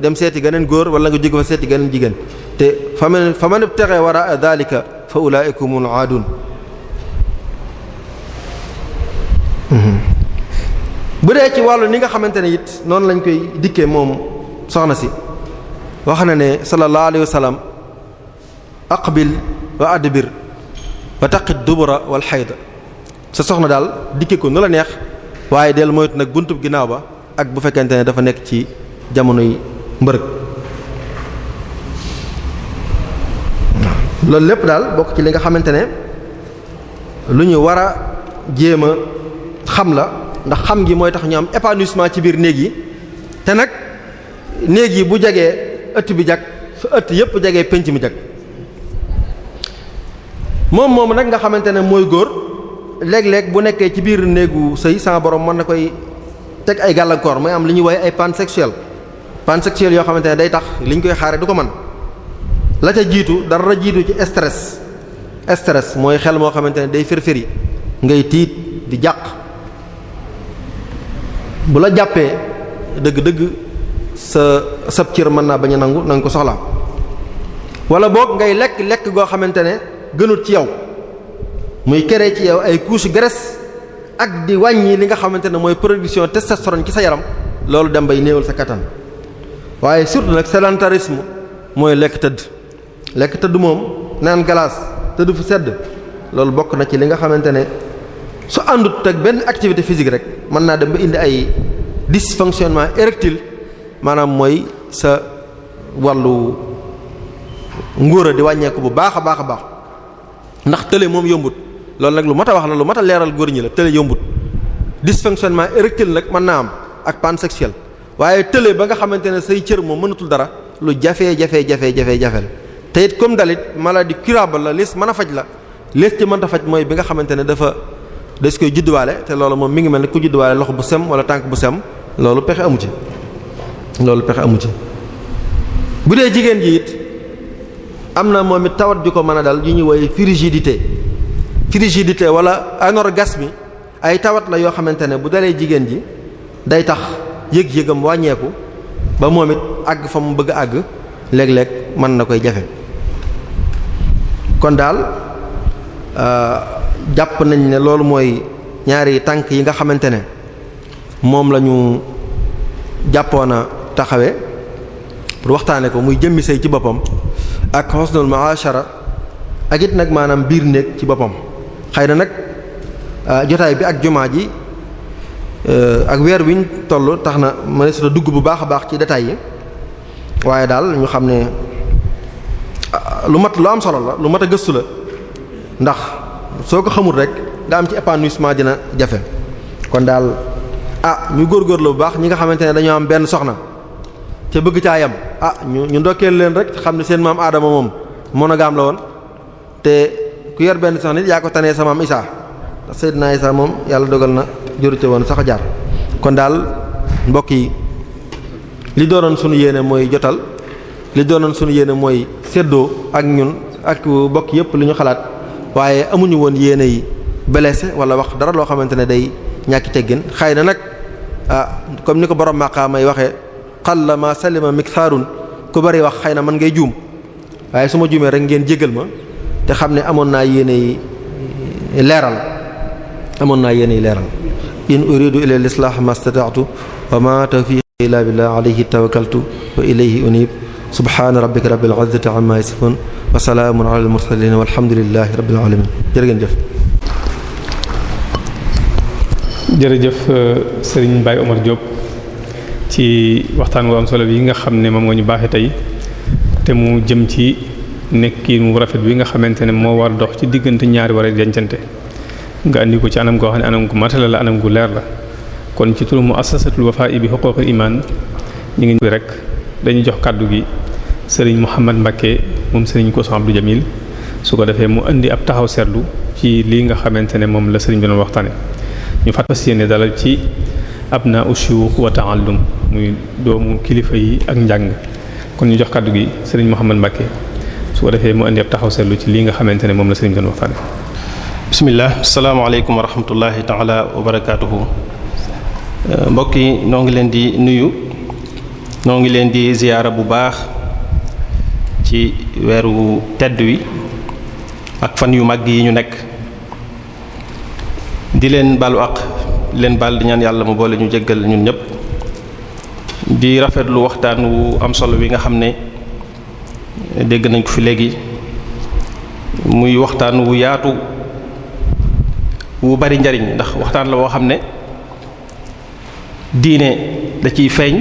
dem seeti geneen góor wala nga jóge fa seeti geneen jigéen te fa man fa man ibtaxa wara dalika fa ulaikumul aadun mm-hmm. bu dee ci wàllu ni nga xamante ne it noonu lañ koy dikkee moom soxna si wax na ne sallallahu alayhi wa sallam aqbil wa adbir wa taqit dubura wal xayda sa soxna daal dikke ko nu la neex waaye del moytu nag buntub ginnaaw ba ak bu fekkente ne dafa nekk ci jamonoy mbërëg loolu lépp daal bokk ci li nga xamante ne lu ñu war a jéem a xam la ndax xam gi mooy tax ñu am épanouissement ci biir néeg yi te nag néeg yi bu jegee ëtt bi jag su ëtt yëpp jagee pénc mi jag moom moomu nag nga xamante ne mooy góor léeg-léeg bu nekkee ci biir néegu sëy sama borom mën na koy teg ay gàllankoor mooy am li ñuy woye ay pansexuel pansexuel yoo xamante ne day tax li ñu koy xaare du ko man la ca jiitu dara jiitu ci stress stress mooy xel moo xamante ne day firfiri ngay tiit di jàq bu la jàppee dëgg-dëgg sa sab cër mën naa bañ a nangu na ko soxla wala boog ngay lekk lekk goo xamante ne gënut ci yow muy kere ci yow ay couche graisse ak di wàññi li nga xamante ne mooy te sa testostérone ci sa yaram loolu dem bay néewal sa kattan waaye surtout nag sédentarisme mooy lekk tëdd lekk tëdd moom naan glace tëdd fu sedd loolu bokk na ci li nga xamante ne su àndut ak benn activité physique rek mën naa dem ba indi ay dysfonctionnement érectile maanaam mooy sa wàllu ngóora di wàññeeku bu baax a baax a baax ndax tële moom yombut loolu nag lu mat a wax la lu mat a leeral góor ñi la tële yombut dysfonctionnement érectile nag mën naa am ak panne sexuelle waaye tële ba nga xamante ne say cër moom mënatul dara lu jafee jafee jafee jafee jafe la te it comme dalit maladie curable la lees mën a faj la lees ci mënta faj mooy bi nga xamante ne dafa des koy judduwaale te loolu moom mi ngi mel ne ku judduwaale loxo bu sem wala tànk bu sem loolu pexe amu ci loolu pexe amu ci bu dee jigéen ji it am na moom it tawat ju ko mën a dal yu ñuy woy frigidité frigidité wala mi ay tawat la yoo xamante ne bu dalee jigéen ji day tax yëg-yëgam wàññeeku ba moom it àgg fa mu bëgg àgg léeg-léeg mën na koy jafe kon daal euh, jàpp nañ ne loolu mooy ñaari tànk yi nga xamante ne moom la ñu jàppoona taxawee pour waxtaane ko muy jëmmi sëy ci boppam ak xosnul maashara nag maanaam biir néeg ci boppam xëy na nag ah, jotaay bi ak jumaa ji euh, ak weer wiñ toll tax na mënees na dugg bu baax a baax ci détails yi waaye daal ñu xam ne ah, lu mat lu am solo la lu mat a gëstu la ndax soo ko xamul rek nga am ci épanouissement dina jafe kon daal a ah, ñu góor góorgóorlu bu baax ñi nga xamante ne dañoo am benn soxna te bëgg caa yam ah ñu ñu ndokkeel leen rek xam ne seen maam aadama moom monogame la woon te ku yor benn sax nit yaa ko tanee sa maam Isaa ndax Seydina Isaa moom yàlla dogal na jurute woon sax jaar kon daal mbokk yi li doonoon sunu yéene mooy jotal li doonoon sunu yéene mooy séddoo ak ñun ak mbokk yépp li ñu xalaat waaye amuñu woon yéene yi blessé wala wax dara loo xamante ne day ñàkki gën xëy na nag ah comme ni ko borom maqaamay waxee. qalla ma salima miktharun ku bari wax xëy na man ngay juum waaye su ma juumee rek ngeen jégal ma te xam ne amoon naa yéeney eh, leeral amoon naa yéeney leeral in uridu ila lislah mastata'tu wa ma tawfiqi illa billah alayhi tawakkaltu wa ilayhi unib subhana rabbika rabbil izzati amma yasifun wa salaamun ala al mursalin walhamdulillahi rabbil alamin jërë ci waxtaan wu am solo bi nga xam ne moom nga ñu baaxee tey te mu jëm ci nekkin mu rafet bi nga xamante ne moo war dox ci diggante ñaari war dencante nga ko ci anam goo xam ne anam gu matala la anam gu leer la kon ci turu muassasatul Wafa'i bi huquqil iman ñu ngi rek dañuy jox kàddu gi sëriñ Mouhamad Mbacke moom sëriñ Koso Abdou Jamil su ko defee mu indi ab taxaw seetlu ci lii nga xamante ne moom la sëriñ bi doon waxtaane yéene dalal ci. abna ushuyuux wa ta'allum muy doomu kilifa yi ak njàng kon ñu jox kàddu gi sëriñ Mouhamed Mbacke su ko defee mu indi ab taxaw seetlu ci lii nga xamante ne moom la sëriñ doon waxtaane bismillah asalaamaaleykum wa rahmatullahi taala wa barakaatuhu mbokk yi noo ngi leen di nuyu noo ngi leen di ziyaara bu baax ci weeru tedd wi ak fan yu mag yi ñu nekk di leen balu ak leen baal di ñaan yàlla mu boole ñu jéggal ñun ñëpp di rafetlu waxtaan wu am solo wi nga xam ne dégg nañ ko fi léegi muy waxtaan wu yaatu wu bari njariñ ndax waxtaan la woo xam ne diine da ciy feeñ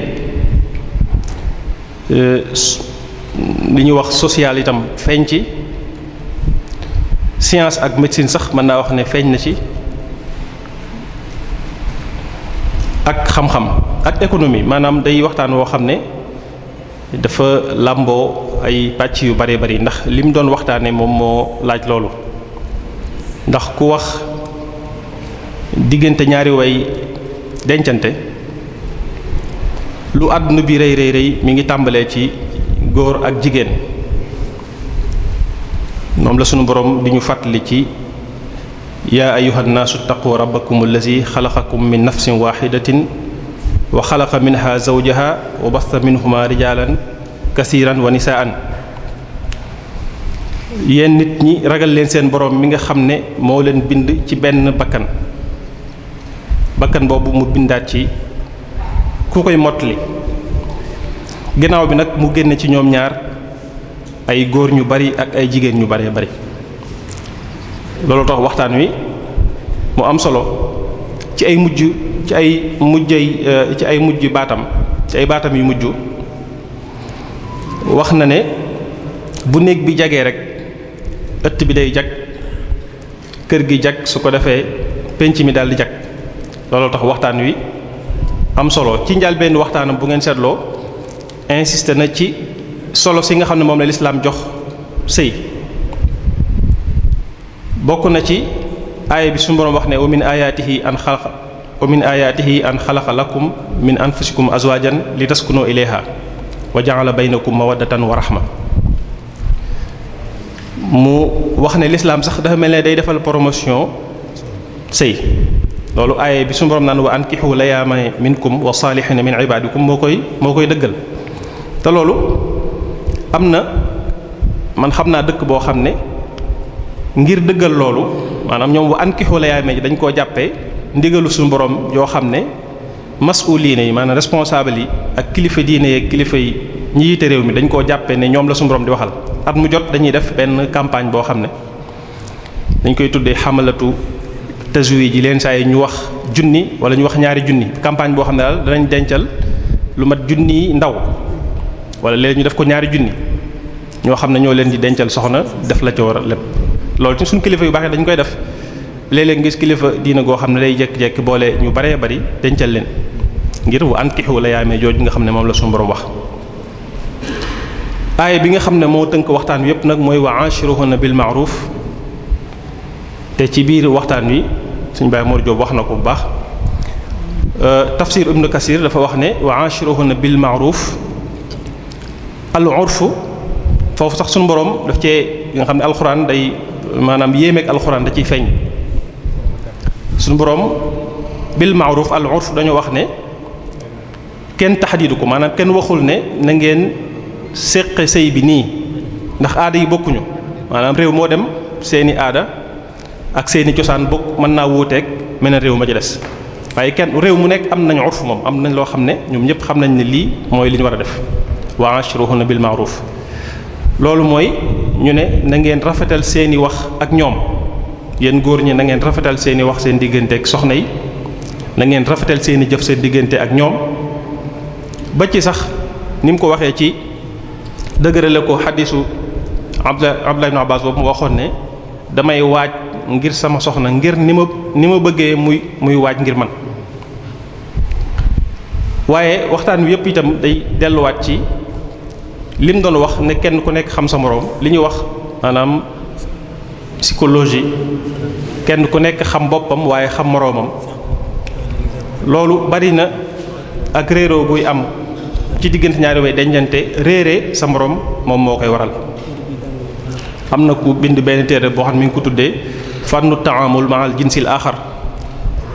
euh, li ñuy wax social itam feeñ ci science ak médecine sax mën naa wax ne feeñ na ci ak xam-xam ak économie maanaam day waxtaan woo xam ne dafa làmboo ay pàcc yu bare bari ndax li mu doon waxtaanee moom moo laaj loolu ndax ku wax diggante ñaari way dencante lu àdduna bi rey rëy rëy mu ngi tàmbalee ci góor ak jigéen moom la sunu borom di fàttali ci. yaa ayuha nnaasu taquu rabbakum allazi xalaqakum min nafsin waxidatin wa xalaqa minha zawjaha wa basta minhuma rijalan kasiran wa nisaan yéen nit ñi ragal leen seen borom mi nga xam ne moo leen bind ci benn bakkan bakkan boobu mu bindaat ci ku koy mottali ginnaaw bi nag mu génne ci ñoom ñaar ay góor ñu bari ak ay jigéen ñu baree bari loolu tax waxtaan wi mu am solo ci ay mujj ci ay mujjay eh, ci ay mujj baatam ci ay baatam yu mujj wax na ne bu néeg bi jagee rek ëtt bi day jag kër gi jag su ko defee penc mi daal di jag looloo tax waxtaan wi am solo ci njaal benn waxtaanam bu ngeen seetloo insisté na ci solo si nga xam ne moom la lislaam jox sëy bokk na ci aaya bi su boroom wax ne wa min ayaatihi an xalaqa wa min ayaatihi an xalaqa lakum min anfusikum azwajan li taskunu ilayha wa ja'ala baynakum mawaddatan wa rahma mu wax ne lislaam sax dafa mel ne day defal promotion sëy loolu aaya bi suñu boroom naan wa ankihu layaama minkum wa saalihina min ibadikum moo koy moo koy dëggal te loolu am na man xam naa dëkk boo xam ne ngir dëggal loolu maanaam ñoom wa ankixu layaame ji dañ ko jàppee ndigalu suñu borom yoo xam ne mas'uliine yi maanaam responsable yi ak kilifa diine yi ak kilifa yi ñi réew mi dañ koo jàppee ne ñoom la suñu di waxal at mu jot dañuy def benn campagne boo xam ne dañ koy tuddee xamalatu tajwi ji leen saa ñu wax junni wala ñu wax ñaari junni campagne boo xam ne daal danañ dencal lu mat junni ndaw wala léeg ñu def ko ñaari junni ñoo xam ne ñoo leen di dencal soxna def la ca war a lépp loolu ci suñu kilifa yu baax dañ koy def léeg-léeg ngis kilifa diina goo xam ne day jekk-jekk boole ñu baree bari dencal leen ngir bu antixu la yaamee jooju nga xam ne moom la suñu borom wax aaya bi nga xam ne moo tënk waxtaan wi yépp nag mooy wa ashiruhunna bil ma'ruf te ci biir waxtaan wi suñ Baye Mor wax na ko bu baax euh, tafsir ibnu kasir dafa wax ne wa ashiruhunna bil ma'ruf al urfu foofu sax suñu boroom daf cee nga xam ne alxuraan day maanaam yéemeeg alxuraan da ciy feeñ suñu boroom bil ma'ruf al urf dañu wax ne kenn taxadiidu ko maanaam kenn waxul ne na ngeen séqe sëy bi nii ndax aada yi bokkuñu maanaam réew moo dem seeni aada ak seeni cosaan bokk mën naa wuuteeg mel ne réew ma ci des waaye kenn réew mu nekk am nañu urf moom am nañ loo xam ne ñoom ñëpp xam nañ ne lii mooy li ñu war a def wa ashruhunna bil ma'ruf loolu mooy ñu ne na ngeen rafetal seeni wax ak ñoom yéen góor ñi na ngeen rafetal seeni wax seen diggante ak soxna yi na ngeen rafetal seeni jëf seen diggante ak ñoom ba ci sax ni mu ko waxee ci dëgërale ko xadisu Abdullah Abdullah ibn Abbas mu waxoon ne damay waaj ngir sama soxna ngir ni ma ni ma bëggee muy muy waaj ngir man waaye waxtaan wi yëpp itam day delluwaat ci li mu doon wax ne kenn ku nekk xam sa moroom li ñu wax maanaam psychologie kenn ku nekk xam boppam waaye xam moroomam loolu bari na ak réeroo guy am ci diggante ñaari way dencante réeree sa moroom moom moo koy waral am na ku bind benn téere boo xam ne mi ngi ko tuddee fannu taamul ma'al jinsil axar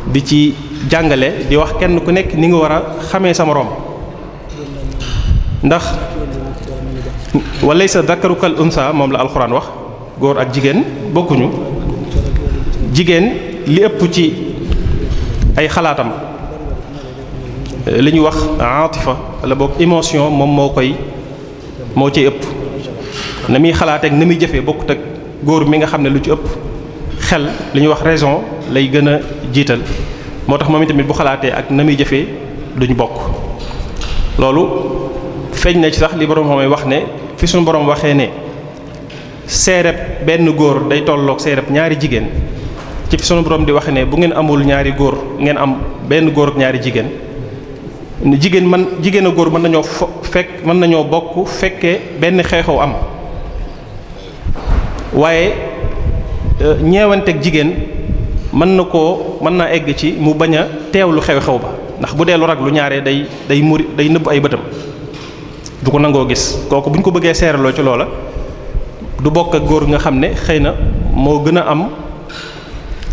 di ci jàngale di wax kenn ku nekk ni nga war a xamee sa moroom ndax walaysa dakaru kal unsa moom la alxuraan wax góor ak jigéen bokkuñu jigéen li ëpp ci ay xalaatam eh, li ñu wax atifa la bokk émotion moom moo koy moo ci ëpp na muy xalaatee ak na muy jëfee bokkut ak góor mi nga xam ne lu ci ëpp xel li ñuy wax raison lay gën a jiital moo tax moom itamit bu xalaatee ak na muy jëfee duñ bokk loolu feeñ na ci sax li borom xam wax ne fi suñu boroom waxee ne seereb benn góor day tolloog seereb ñaari jigéen ci fi suñu boroom di wax ne bu ngeen amul ñaari góor ngeen am benn góor ak ñaari jigéen jigéen man jigéen góor mën nañoo fo fekk mën nañoo bokk fekkee benn xeexoo am waaye euh, ñeewanteeg jigéen mën na koo mën naa egg ci mu bañ a teewlu xew-xew ba ndax bu dee lu rag lu ñaaree day day muri day nëbb ay bëtam. du ko nangoo gis kooku bu ñu ko bëggee seeraloo ci loola du bokk ak góor nga xam ne xëy na moo gën a am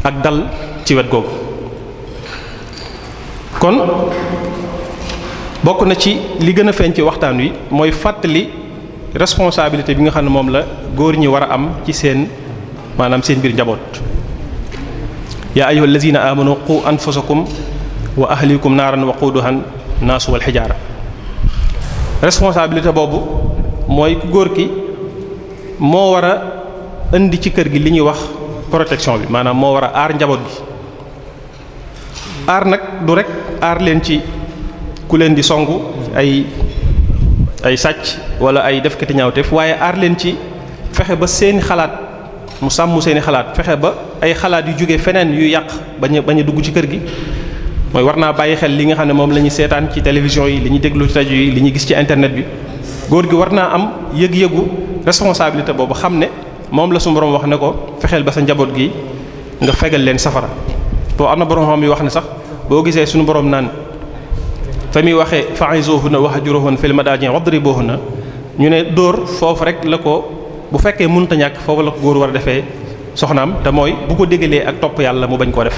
ak dal ci wet googu kon bokk na ci li gën a feeñ ci waxtaan wi mooy fàttali responsabilité bi nga xam ne moom la góor ñi war a am ci seen maanaam seen biir njaboot yaa ayyuhallazina amanu qu anfusakum wa ahlikum naaran waquduhan naasu wal xijaara responsabilité boobu mooy ku góor ki moo war a indi ci kër gi li ñuy wax protection bi maanaam moo war a aar njaboot gi aar nag du rek aar leen ci ku leen di songu ay ay sàcc wala ay def defkati ñaawteef waaye aar leen ci fexe ba seeni xalaat mu sàmm seeni xalaat fexe ba ay xalaat yu jóge feneen yu yàq bañ bañ a dugg ci kër gi mooy war naa bàyyi xel li nga xam ne moom la ñuy seetaan ci télévision yi li ñuy déglu ci rajo yi li ñu gis ci internet bi góor gi war naa am yëg-yëgu responsabilité boobu xam ne moom la suñu borom wax ne ko fexeel ba sa njaboot gi nga fegal leen safara boo am na borom xam yi wax ne sax boo gisee suñu borom naan fa muy waxee fa'izuhunna wahjuruhunna fil madaji' wadribuhunna ñu ne dóor foofu rek la ko bu fekkee mënut ñàkk foofu la ko góor war a defee soxnaam te mooy bu ko déggalee ak topp yàlla mu bañ koo def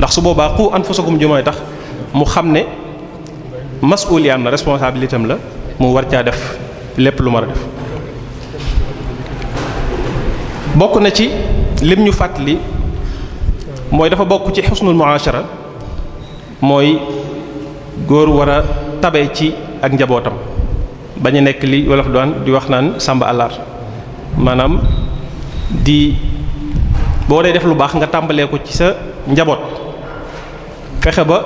ndax su boobaa qu anfusakum ju mooy tax mu xam ne mas'uliyaam na responsabilité am la mu war caa def lépp lu ma a bokk na ci lim ñu fàttali mooy dafa bokk ci xusnul mu'ashara mooy góor war a tabe ci ak njabootam bañ a nekk li wolof doon di wax naan sàmba àllar maanaam di boo dee def lu baax nga tàmbalee ko ci sa njaboot fexe ba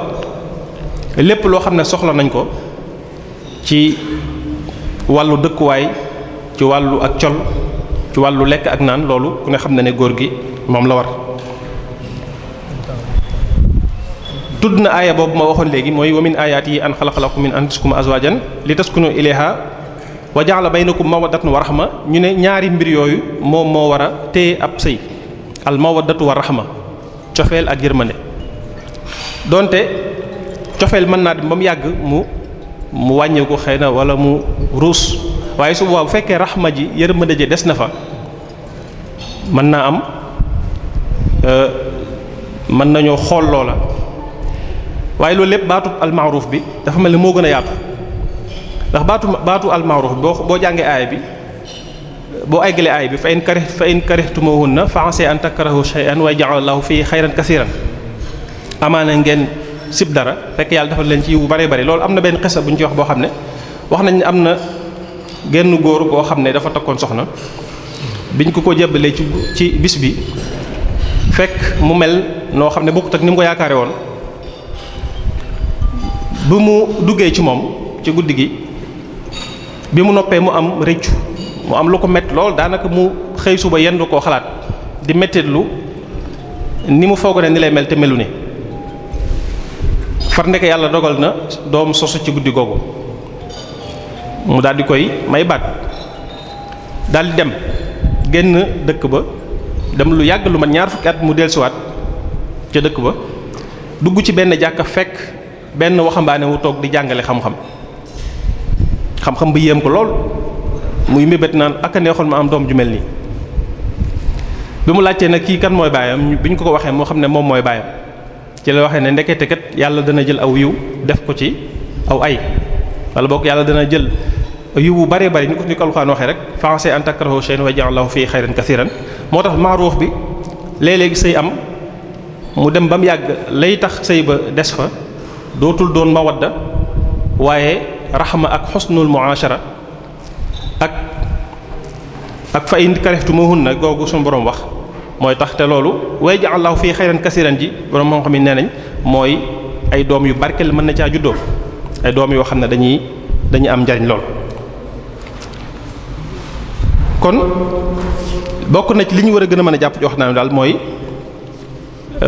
lépp loo xam ne soxla nañ ko ci wàllu dëkkuwaay ci wàllu ak col ci wàllu lekk ak naan loolu ku ne xam ne ne góor gi moom la war tudd na aaya boobu ma waxoon léegi mooy wa min ayaati yi an xalaqalakum min anfusikum azwajan li taskunu ilayha wa ja'ala baynakum mawaddatan wa rahma ñu ne ñaari mbir yooyu moom moo war a téye ab sëy al mawaddatu wa rahma cofeel ak yërmande donte cofeel mën naa dem ba mu yàgg mu mu wàññeeku xëy na wala mu ruus waaye su waa bu fekkee raxma ji yërmande ji des na fa mën naa am euh, mën nañoo xool loola waaye loolu lépp baatu almaaruuf bi dafa mel ni moo gën a yaatu ndax baatu baatu almaaruuf bi boo boo jàngee aay bi boo eggalee aay bi fa in karih fa in karihtumuhunna fa asa an takrahu shay'an wa yaj'al lahu fihi xayran kasiran amaana ngeen sib dara fekk yàlla dafa leen ci yiw bare bëree loolu am na benn xisa bu ñu ci wax boo xam ne wax nañ am na genn góor goo xam ne dafa takkoon soxna biñ ko ko jébbalee ci bis bi fekk mu mel noo xam ne bokkut ak ni mu ko yaakaare woon bi mu duggee ci moom ci guddi gi bi mu noppee mu am rëccu mu am lu ko mett lool daanaka mu xëy suba yendu koo xalaat di mettitlu ni mu foog ne ni lay mel te melu ni far ndeke yàlla dogal na doom sosu ci guddi googu mu daal di koy may baat daal dem génn dëkk ba dem lu yàgg lu mat ñaar fukki at mu dellusiwaat ca dëkk ba dugg ci benn jàkka fekk benn waxambaane wu toog di jàngale xam-xam xam-xam bi yéem ko lool muy mébét naan ak a neexoon ma am doom ju mel nii bi mu laajtee nag kii kan mooy baayam bi ñu ko ko waxee moo xam ne moom mooy baayam ci la waxee ne ndekete kat yàlla dana jël aw yiw def ko ci aw ay wala boog yàlla dana jël yiw bu bëree bëri ni ko ni ko Alxuraan waxee rek fa'asaa an takrahu shay'an wa yaj'al lahu fiihi xayran moo tax maaruux bi léeg-léegi sëy am mu dem ba mu yàgg lay tax sëy ba des fa dootul doon mawadda waaye raxma ak xusnul mu'ashara ak ak fa in na googu suñu boroom wax mooy tax te loolu wayja'allahu fii xayran kasiran ji borom moo xam ne nee nañ mooy ay doom yu barkeel mën na caa juddoo ay doom yoo xam ne dañuy dañuy am njariñ lool. kon bokk na ci li ñu war a gën a mën a jàpp ci wax naa daal mooy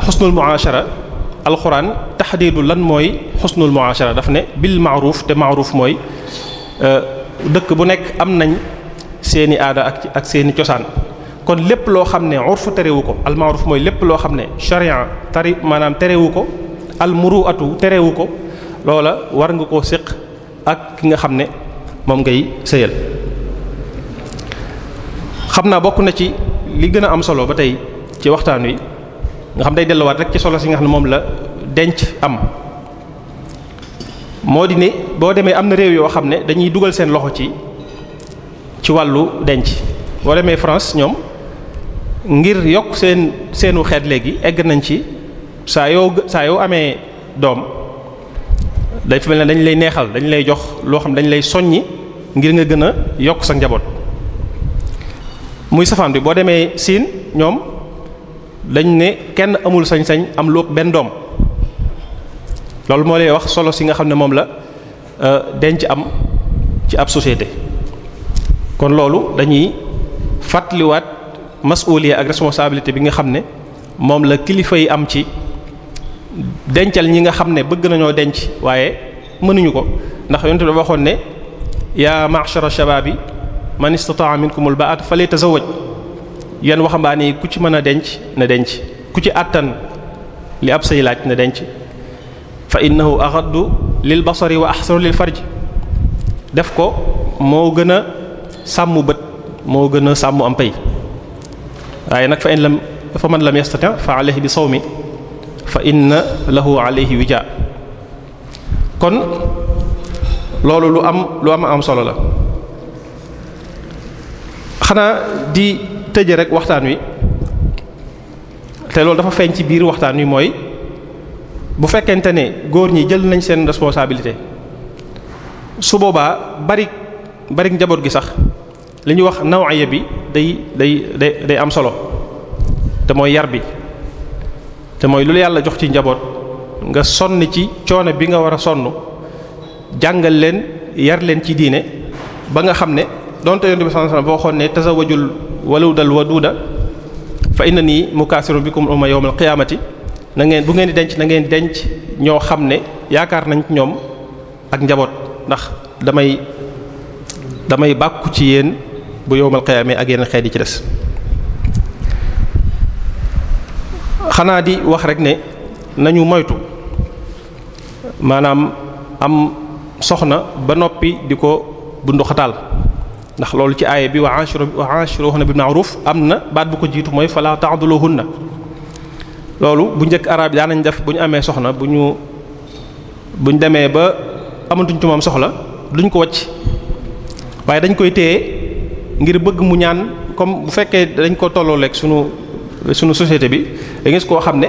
xusnul mu'ashara alxuraan taxdiidu lan mooy xusnul mu'ashara daf ne bil ma'ruf te ma'ruf mooy euh, dëkk bu nekk am nañ seeni aada ak ak seeni cosaan. kon lépp loo xam ne urfu terewu ko almaaruf mooy lépp loo xam ne sharia tari maanaam terewu ko almuruatu terewu ko loola war nga koo séq ak ki nga xam ne moom ngay sëyal xam naa bokk na ci li gën a am solo ba tey ci waxtaan wi nga xam day delluwaat rek ci solo si nga xam ne moom la denc am moo di ni boo demee am na réew yoo xam ne dañuy dugal seen loxo ci ci wàllu denc boo demee France ñoom ngir yokk seen seenu xeet léegi egg nañ ci saa yoo saa yoo amee doom dañ fi mel ne dañ lay neexal dañ lay jox loo xam dañ lay soññi ngir nga gën a yokk sa njaboot muy safaan bi boo demee siin ñoom dañ ne kenn amul sañ-sañ am lu benn doom loolu moo lay wax solo si nga xam ne moom la euh, denc am ci ab société kon loolu dañuy fàttaliwaat masuuliya ak responsabilité bi nga xam ne moom la kilifa yi am ci dencal ñi nga xam ne bëgg nañoo denc waaye mënuñu ko ndax yonent bi waxoon ne yaa ma'shara shabaab yi man istata'a minkumul ba'ata falyatazawwaj yan waxambaane yi ku ci mën a denc na denc ku ci àttan li ab say laaj na denc fa innahu aghaddu lil basari wa ahsanu lil ji def ko moo gën a sàmm bët moo gën a sàmm am pay waaye nag fa in lam fa man lam yastati fa alayhi bi sawmi fa inna lahu alayhi wija kon loolu lu am lu am am solo la xanaa di tëje rek waxtaan wi te loolu dafa feeñ ci biir waxtaan wi mooy bu fekkente ne góor ñi jël nañ seen responsabilité su boobaa bari bari njaboot gi sax li ñuy wax nawaya bi day day day day am solo te mooy yar bi te mooy lu la yàlla jox ci njaboot nga sonn ci coono bi nga war a sonn jàngal leen yar leen ci diine ba nga xam ne donte yonent bi sallallahu alayhi wasallam boo xoon ne tazawajul waludal waduda fa inna nii mukaasirun bikum umma yawmal qiyaamati na ngeen bu ngeen di denc na ngeen denc ñoo xam ne yaakaar nañ ñoom ak njaboot ndax damay damay bàkku ci yéen bu yowmal qiyaamee ak yeneen xeet yi ci des xanaa di wax rek ne nañu moytu maanaam am soxna ba noppi di ko bunduxataal ndax loolu ci aaya bi wa ashiru wa ashiruhunna bil ma'ruf am na baat bu ko jiitu mooy fala ta'duluhunna loolu bu njëkk arab yi daan nañ def bu ñu amee soxna bu ñu bu ñu demee ba amatuñ ci moom soxla duñ ko wacc waaye dañ koy téye ngir bëgg mu ñaan comme bu fekkee dañ ko tolloo lekk sunu sunu société bi da koo xam ne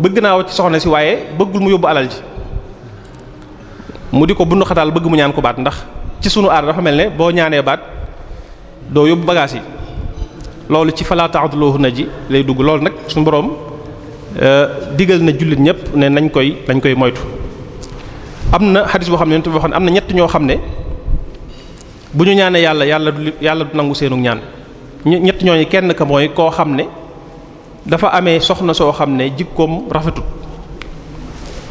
bëgg naa wacc soxna si waaye bëggul mu yóbbu alal ji mu di ko bundu xataal bëgg mu ñaan ko baat ndax ci sunu aar dafa mel ne boo ñaanee baat doo yóbbu bagage yi loolu ci falaataaduloohu na ji lay dugg lool nag suñu boroom euh, digal na jullit ñépp ne nañ koy nañ koy moytu am na xadis boo xam ne am na ñett ñoo xam ne bu ñu ñaanee yàlla yàlla du yàlla du nangu seenu ñaan ñett ñooñu kenn ka mooy koo xam ne dafa amee soxna soo xam ne jikkoom rafetut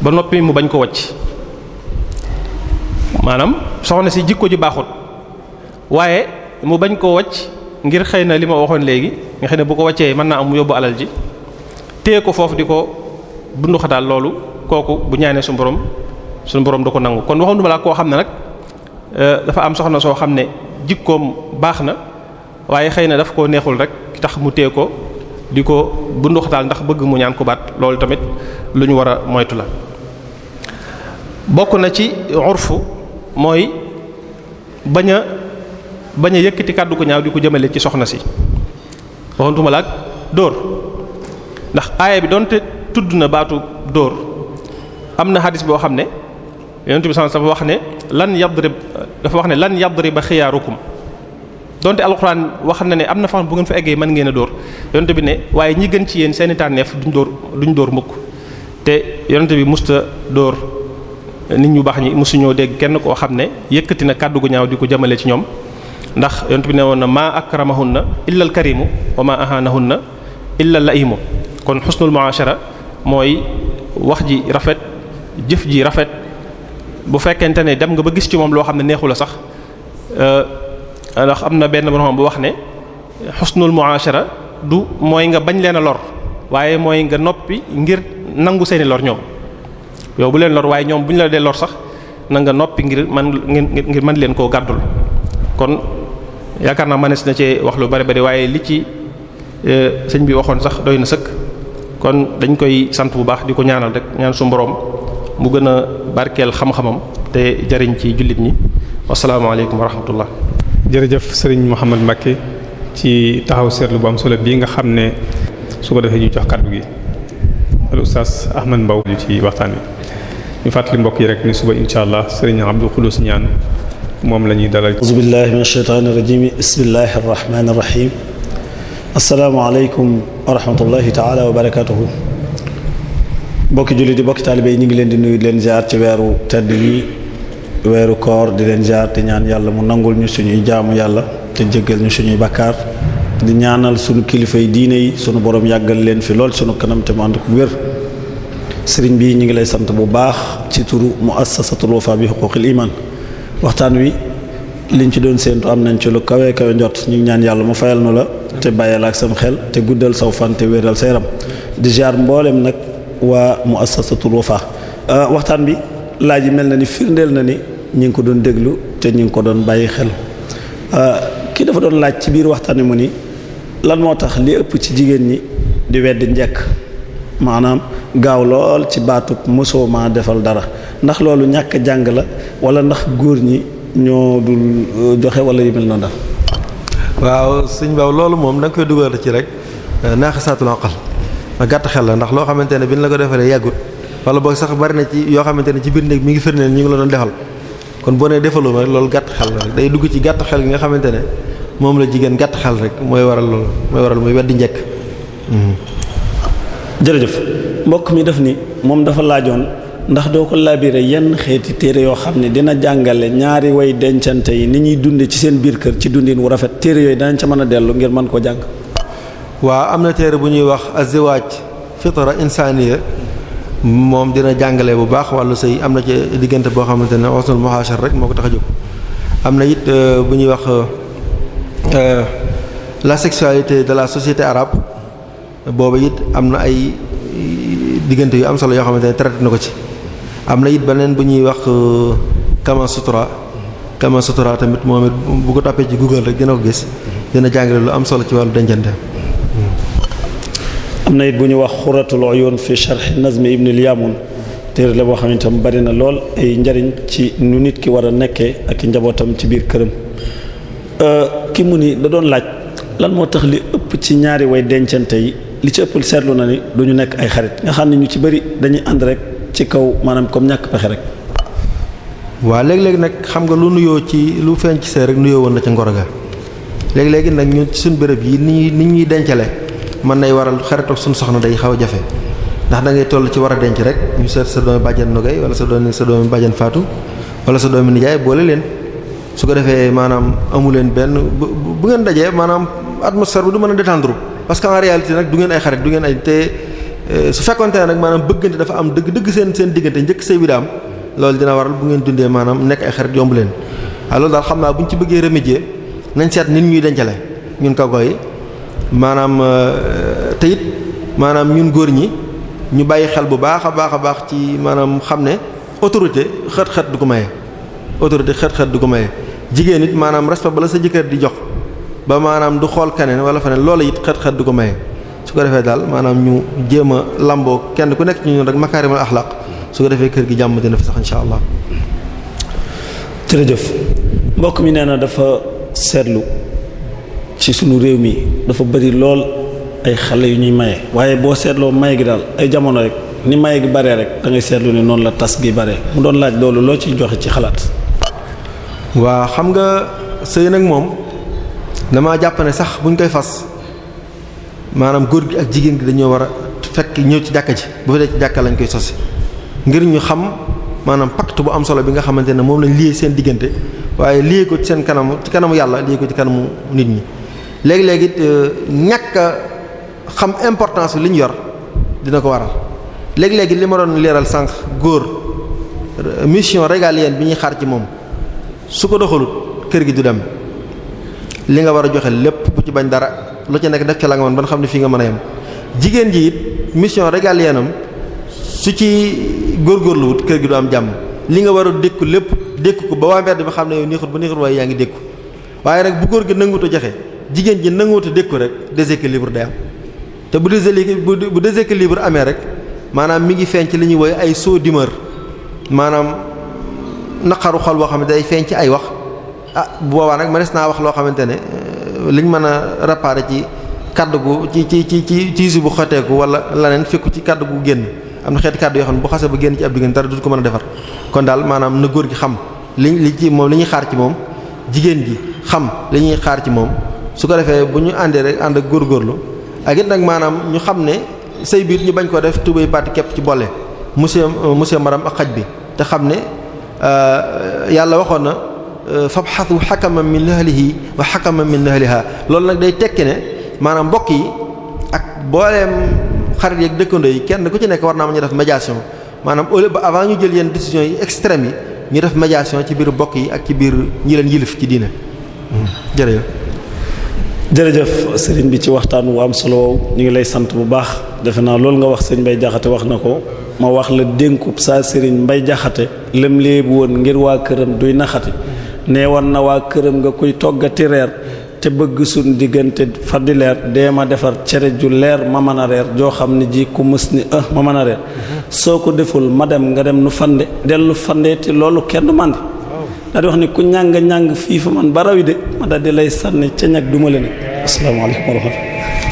ba noppi mu bañ ko wacc maanaam soxna si jikko ji baaxut waaye mu bañ koo wacc ngir xëy na li ma waxoon léegi nga xëy na bu ko waccee mën naa am mu yóbbu alal ji téye ko foofu di ko bunduxataal loolu kooku bu ñaanee suñu borom suñu borom du ko nangu kon waxoon laa koo xam ne nag Euh, dafa am soxna soo xam ne jikkoom baax na waaye xëy na daf koo neexul rek tax mu tee ko di ko bunduxataal ndax bëgg mu ñaan ku baat loolu tamit lu ñu war a moytu la bokk na ci urfu mooy bañ a bañ a yëkkati kàddu ko ñaaw di ko jëmale ci soxna si waxantuma la ak dóor ndax aaya bi doonte tudd na baatu dóor am na xadis boo xam ne yonent bi sallallahu alayhi wasallam wax ne lan yadrib dafa wax ne lan yadriba xiyaarukum donte alxuraan wax na ne am na fa bu ngeen fa eggee mën ngeen a dóor yonent bi ne waaye ñi gën ci yéen seeni tànneef duñ dóor duñ dóor mukk te yonent bi musta dóor nit ñu baax ñi musuñoo dégg kenn koo xam ne yëkkati na kàddu gu ñaaw di ko jëmale ci ñoom ndax yonent bi ne woon na maa akramahunna illa al karimu wa maa ahanahunna illa al laimu kon xusnul muashara mooy wax ji rafet jëf ji rafet bu fekkente ne dem nga ba gis ci moom loo xam ne neexu la sax ndax euh, am na benn borom bu wax ne xusnul muashara du mooy nga bañ leen a lor waaye mooy nga noppi ngir nangu seeni lor ñoom yow bu leen lor waaye ñoom bu ñu la dee lor sax na nga noppi ngir man ngir mën leen koo gàddul kon yaakaar naa mënees na cee wax lu bari bari waaye li ci euh, sëñ bi waxoon sax doy na sëkk kon dañ koy sant bu baax di ko ñaanal rek ñaan su mboroom mu gën a barkeel xam-xamam te jariñ ci jullit ñi wasalaamaaleykum wa rahmatullah jërëjëf sëriñ Mouhamed Mbacke ci taxaw seetlu bu am solo bii nga xam ne su ko defee ñu jox kàddu gi al oustaz Ahmed Mbaw ñu ci waxtaan wi ñu fàttali mbokk yi rek ni suba incha allah sëriñ Abdou Khoulous ñaan moom la ñuy dalal. auzu billahi min ashaytaani rajim bismillahi rahmaani rahim asalaamaaleykum wa rahmatullahi taala wa barakatuhu bokki jullit di bokki taalibe yi ñu ngi leen di nuyu leen ziar ci weeru tedd wi weeru koor di leen ziar te ñaan yàlla mu nangul ñu suñuy jaamu yàlla te jéggal ñu suñuy bakkaar di ñaanal suñu kilifay yi diine yi sunu boroom yàggal leen fi lool sunu kanam te mu ànd ko wér sëriñ bi ñu ngi lay sant bu baax ci turu muassasatul wafa bi xuquqil iman waxtaan wi liñ ci doon séentu am nañ ci lu kawe kawe njot ñu ñaan yàlla mu fayal nu la te bàyyal ak sam xel te guddal sa yaram di ziar waa muassasatul wafa euh, waxtaan bi laaj yi mel na ni firndeel na ni ñu ngi ko doon déglu te ñu ngi ko doon bàyyi xel euh, kii dafa doon laaj ci biir waxtaan wi mu ni lan moo tax li ëpp ci jigéen ñi di weddi njekk maanaam gaaw lool ci baatub mosoo maa defal dara ndax loolu ñàkk jàng la wala ndax góor ñi ñoo dul euh, joxe wala yu mel noonu daal. waaw sëñ Ba loolu moom da koy dugal ci rek naaxi saatul aqal ndax gàtt xel la ndax loo xamante ne bi ñu la ko defalee yàggut wala boog sax bari na ci yoo xamante ne ci biir néeg mi ngi firndeel ñu ngi la doon defal kon boo nee defaluma loolu gàtt xel la day dugg ci gàtt xel gi nga xamante ne moom la jigéen gàtt xel rek mooy waral loolu mooy waral muy weddi njëkk. Hmm. jërëjëf mbokk mi def nii moom dafa laajoon ndax doo ko labiré yenn xeeti téere yoo xam ne dina jàngale ñaari way dencante yi ni ñuy dunde ci seen biir kër ci dundin wu rafet téere yooyu danañ ca mën a dellu ngir mën koo jàng. waaw am na téere bu ñuy wax azziwaaj fitra insaaniya moom dina jàngale bu baax wàllu sëy am na ci diggante boo xamante ne wasnul muhaashar rek moo ko tax a jóg am na it euh, bu ñuy wax euh, euh, la sexualité de la société arabe booba it am na ay diggante yu am solo yoo xamante ne traité na ko ci am na it beneen bu ñuy wax kama sutura kama sutura tamit moom it bu ko toppee ci google rek dina ko gis dina jàngale lu am solo ci wàllu dencante am na bu ñu wax xuratul uyun fi sharh nazmi ibn al-yamun téere la boo xam ne itam bari na lool ay njariñ ci nu nit ki war a nekkee ak njabootam ci biir këram euh, ki mu ni da doon laaj lan moo tax li ëpp ci ñaari way dencante yi li ci ëpp seetlu na ni du ñu nekk ay xarit nga xam ne ñu ci bëri dañuy ànd rek ci kaw maanaam comme ñàkk pexe rek. waa léeg léegi nag xam nga lu nuyoo ci lu feeñ ci seen rek nuyoo woon na ci ngoro ga léeg-léeg nag ñun ci suñu mën nay waral xaritoog suñu soxna day xaw a jafe ndax da ngay toll ci war a denc rek ñu seet sa doomi bàjjan nogay wala sa doomi sa doomi bàjjan faatu wala sa doomi nijaay boole leen su ko defee maanaam amu leen benn bu bu ngeen dajee maanaam atmosphère bi du mën a détendre parce que en réalité nag du ngeen ay xarit du ngeen ay te euh, su fekkonte ne nag maanaam bëggante dafa am dëgg dëgg seen seen diggante njëkk say bi daam loolu dina waral bu ngeen dundee maanaam nekk ay xarit yomb leen waaw loolu xam naa bu ci bëggee remédier nañ seet nit ñuy dencale ñun kaw yi maanaam euh, te it maanaam ñun góor ñi ñu bàyyi xel bu baax a baax a baax ci maanaam xam ne autorité xët-xët du ko maye autorité xët-xët du ko maye jigéen it maanaam respect bala sa jëkkër di jox ba maanaam du xool keneen wala feneen loola it xët-xët du ko maye su ko defee daal maanaam ñu jéem a lamboo kenn ku nekk ci ñun rek makaarimul axlaq su ko defee kër gi jàmm dina fi sax insha allah. jërëjëf mbokk mi nee na dafa seetlu. ci sunu réew mi dafa bari lool ay xale yu ñuy maye waaye boo seetloo maye gi daal ay jamono rek ni maye gi baree rek da seetlu ni noonu la tas gi bare mu doon laaj loolu loo ciy joxe ci xalaat. waa xam nga sëy nag moom damaa jàpp ne sax buñ koy fas maanaam góor gi ak jigéen gi dañoo war a fekk ñëw ci jàkka ci bu fekkee ci jàkka lañ koy sosi ngir ñu xam maanaam pacte bu am solo bi nga xamante ne moom lañ lié seen diggante waaye lié ko seen kanam ci kanamu yàlla lié ko ci kanamu nit ñi. léegi-léegi euh, ñàkk a xam importance li ñu yor dina ko waral léegi-léegi li ma doon leeral sànq góor euh, mission régalienne bi ñuy xaar ci moom su ko doxalut kër gi du dem li nga war a joxe lépp bu ci bañ dara lu ci nekk def ci la nga mën ban xam ne fii nga mën a yam jigéen ji it mission régalienne am su ci góorgóorluwut kër gi du am jàmm li nga war a dékku lépp dékku ko ba waa mbedd bi xam ne yow neexut ba neexut waaye yaa ngi dékku waaye nag bu góor gi nanguwut a joxe jigéen ji nanguwut a dékku rek déséquilibre day am te bu déséquilibre bu déséquilibre amee rek maanaam mi ngi feeñ ci li ñuy woy ay soo d'humeur maanaam naqaru xol boo xam ne day feeñ ci ay wax ah boobaa nag ma des naa wax loo xamante ne euh, liñ mën a réparer ci kaddu gu ci ci ci ci ci bu xateeku wala leneen fekku ci kaddu gu génn am na xeeti kaddu yoo xam ne bu xasee ba génn ci ab diggante dara du ko mën a defar kon daal maanaam na góor gi xam li li ci moom li ñuy xaar ci moom jigéen gi xam li ñuy xaar ci moom su ko defee bu ñu àndee rek ànd ak góorgóorlu ak it nag maanaam ñu xam ne sëy biir ñu bañ koo def tubéy parti képp ci boole monsieur euh, monsieur madame ak xaj bi te xam ne euh, yàlla waxoon na euh, fabxatu xakaman min ahlihi wa xakaman min ahliha loolu nag day tekki ne maanaam mbokk yi ak booleem xarit yeeg dëkkandoo yi kenn ku ci nekk war naa ma ñu def médiation maanaam au ba avant ñu jël yenn décisions yi extrêmes yi ñu def médiation ci biir mbokk yi ak ci biir ñi leen yilif ci jërëjëf sëriñ bi ci waxtaan wu am solo ñu ngi lay sant bu baax defe naa loolu nga wax sëñ Mbay Jaxate wax na ko ma wax la dénkub saa sëriñ Mbay Jaxate lëm léebu woon ngir waa këram duy naxati nee wan na waa këram nga koy toggati reer te bëgg suñ diggante fa di leer dee ma defar cere ju leer ma mën a reer joo xam ne ji ku mës ni ah ma mën a reer soo ko deful ma dem nga dem nu fande dellu fande loolu kenn du màndi daal di wax ni ku ñàng ñàng fii fa man ca ñag duma la ne asalaamaaleykum wa rahmatulah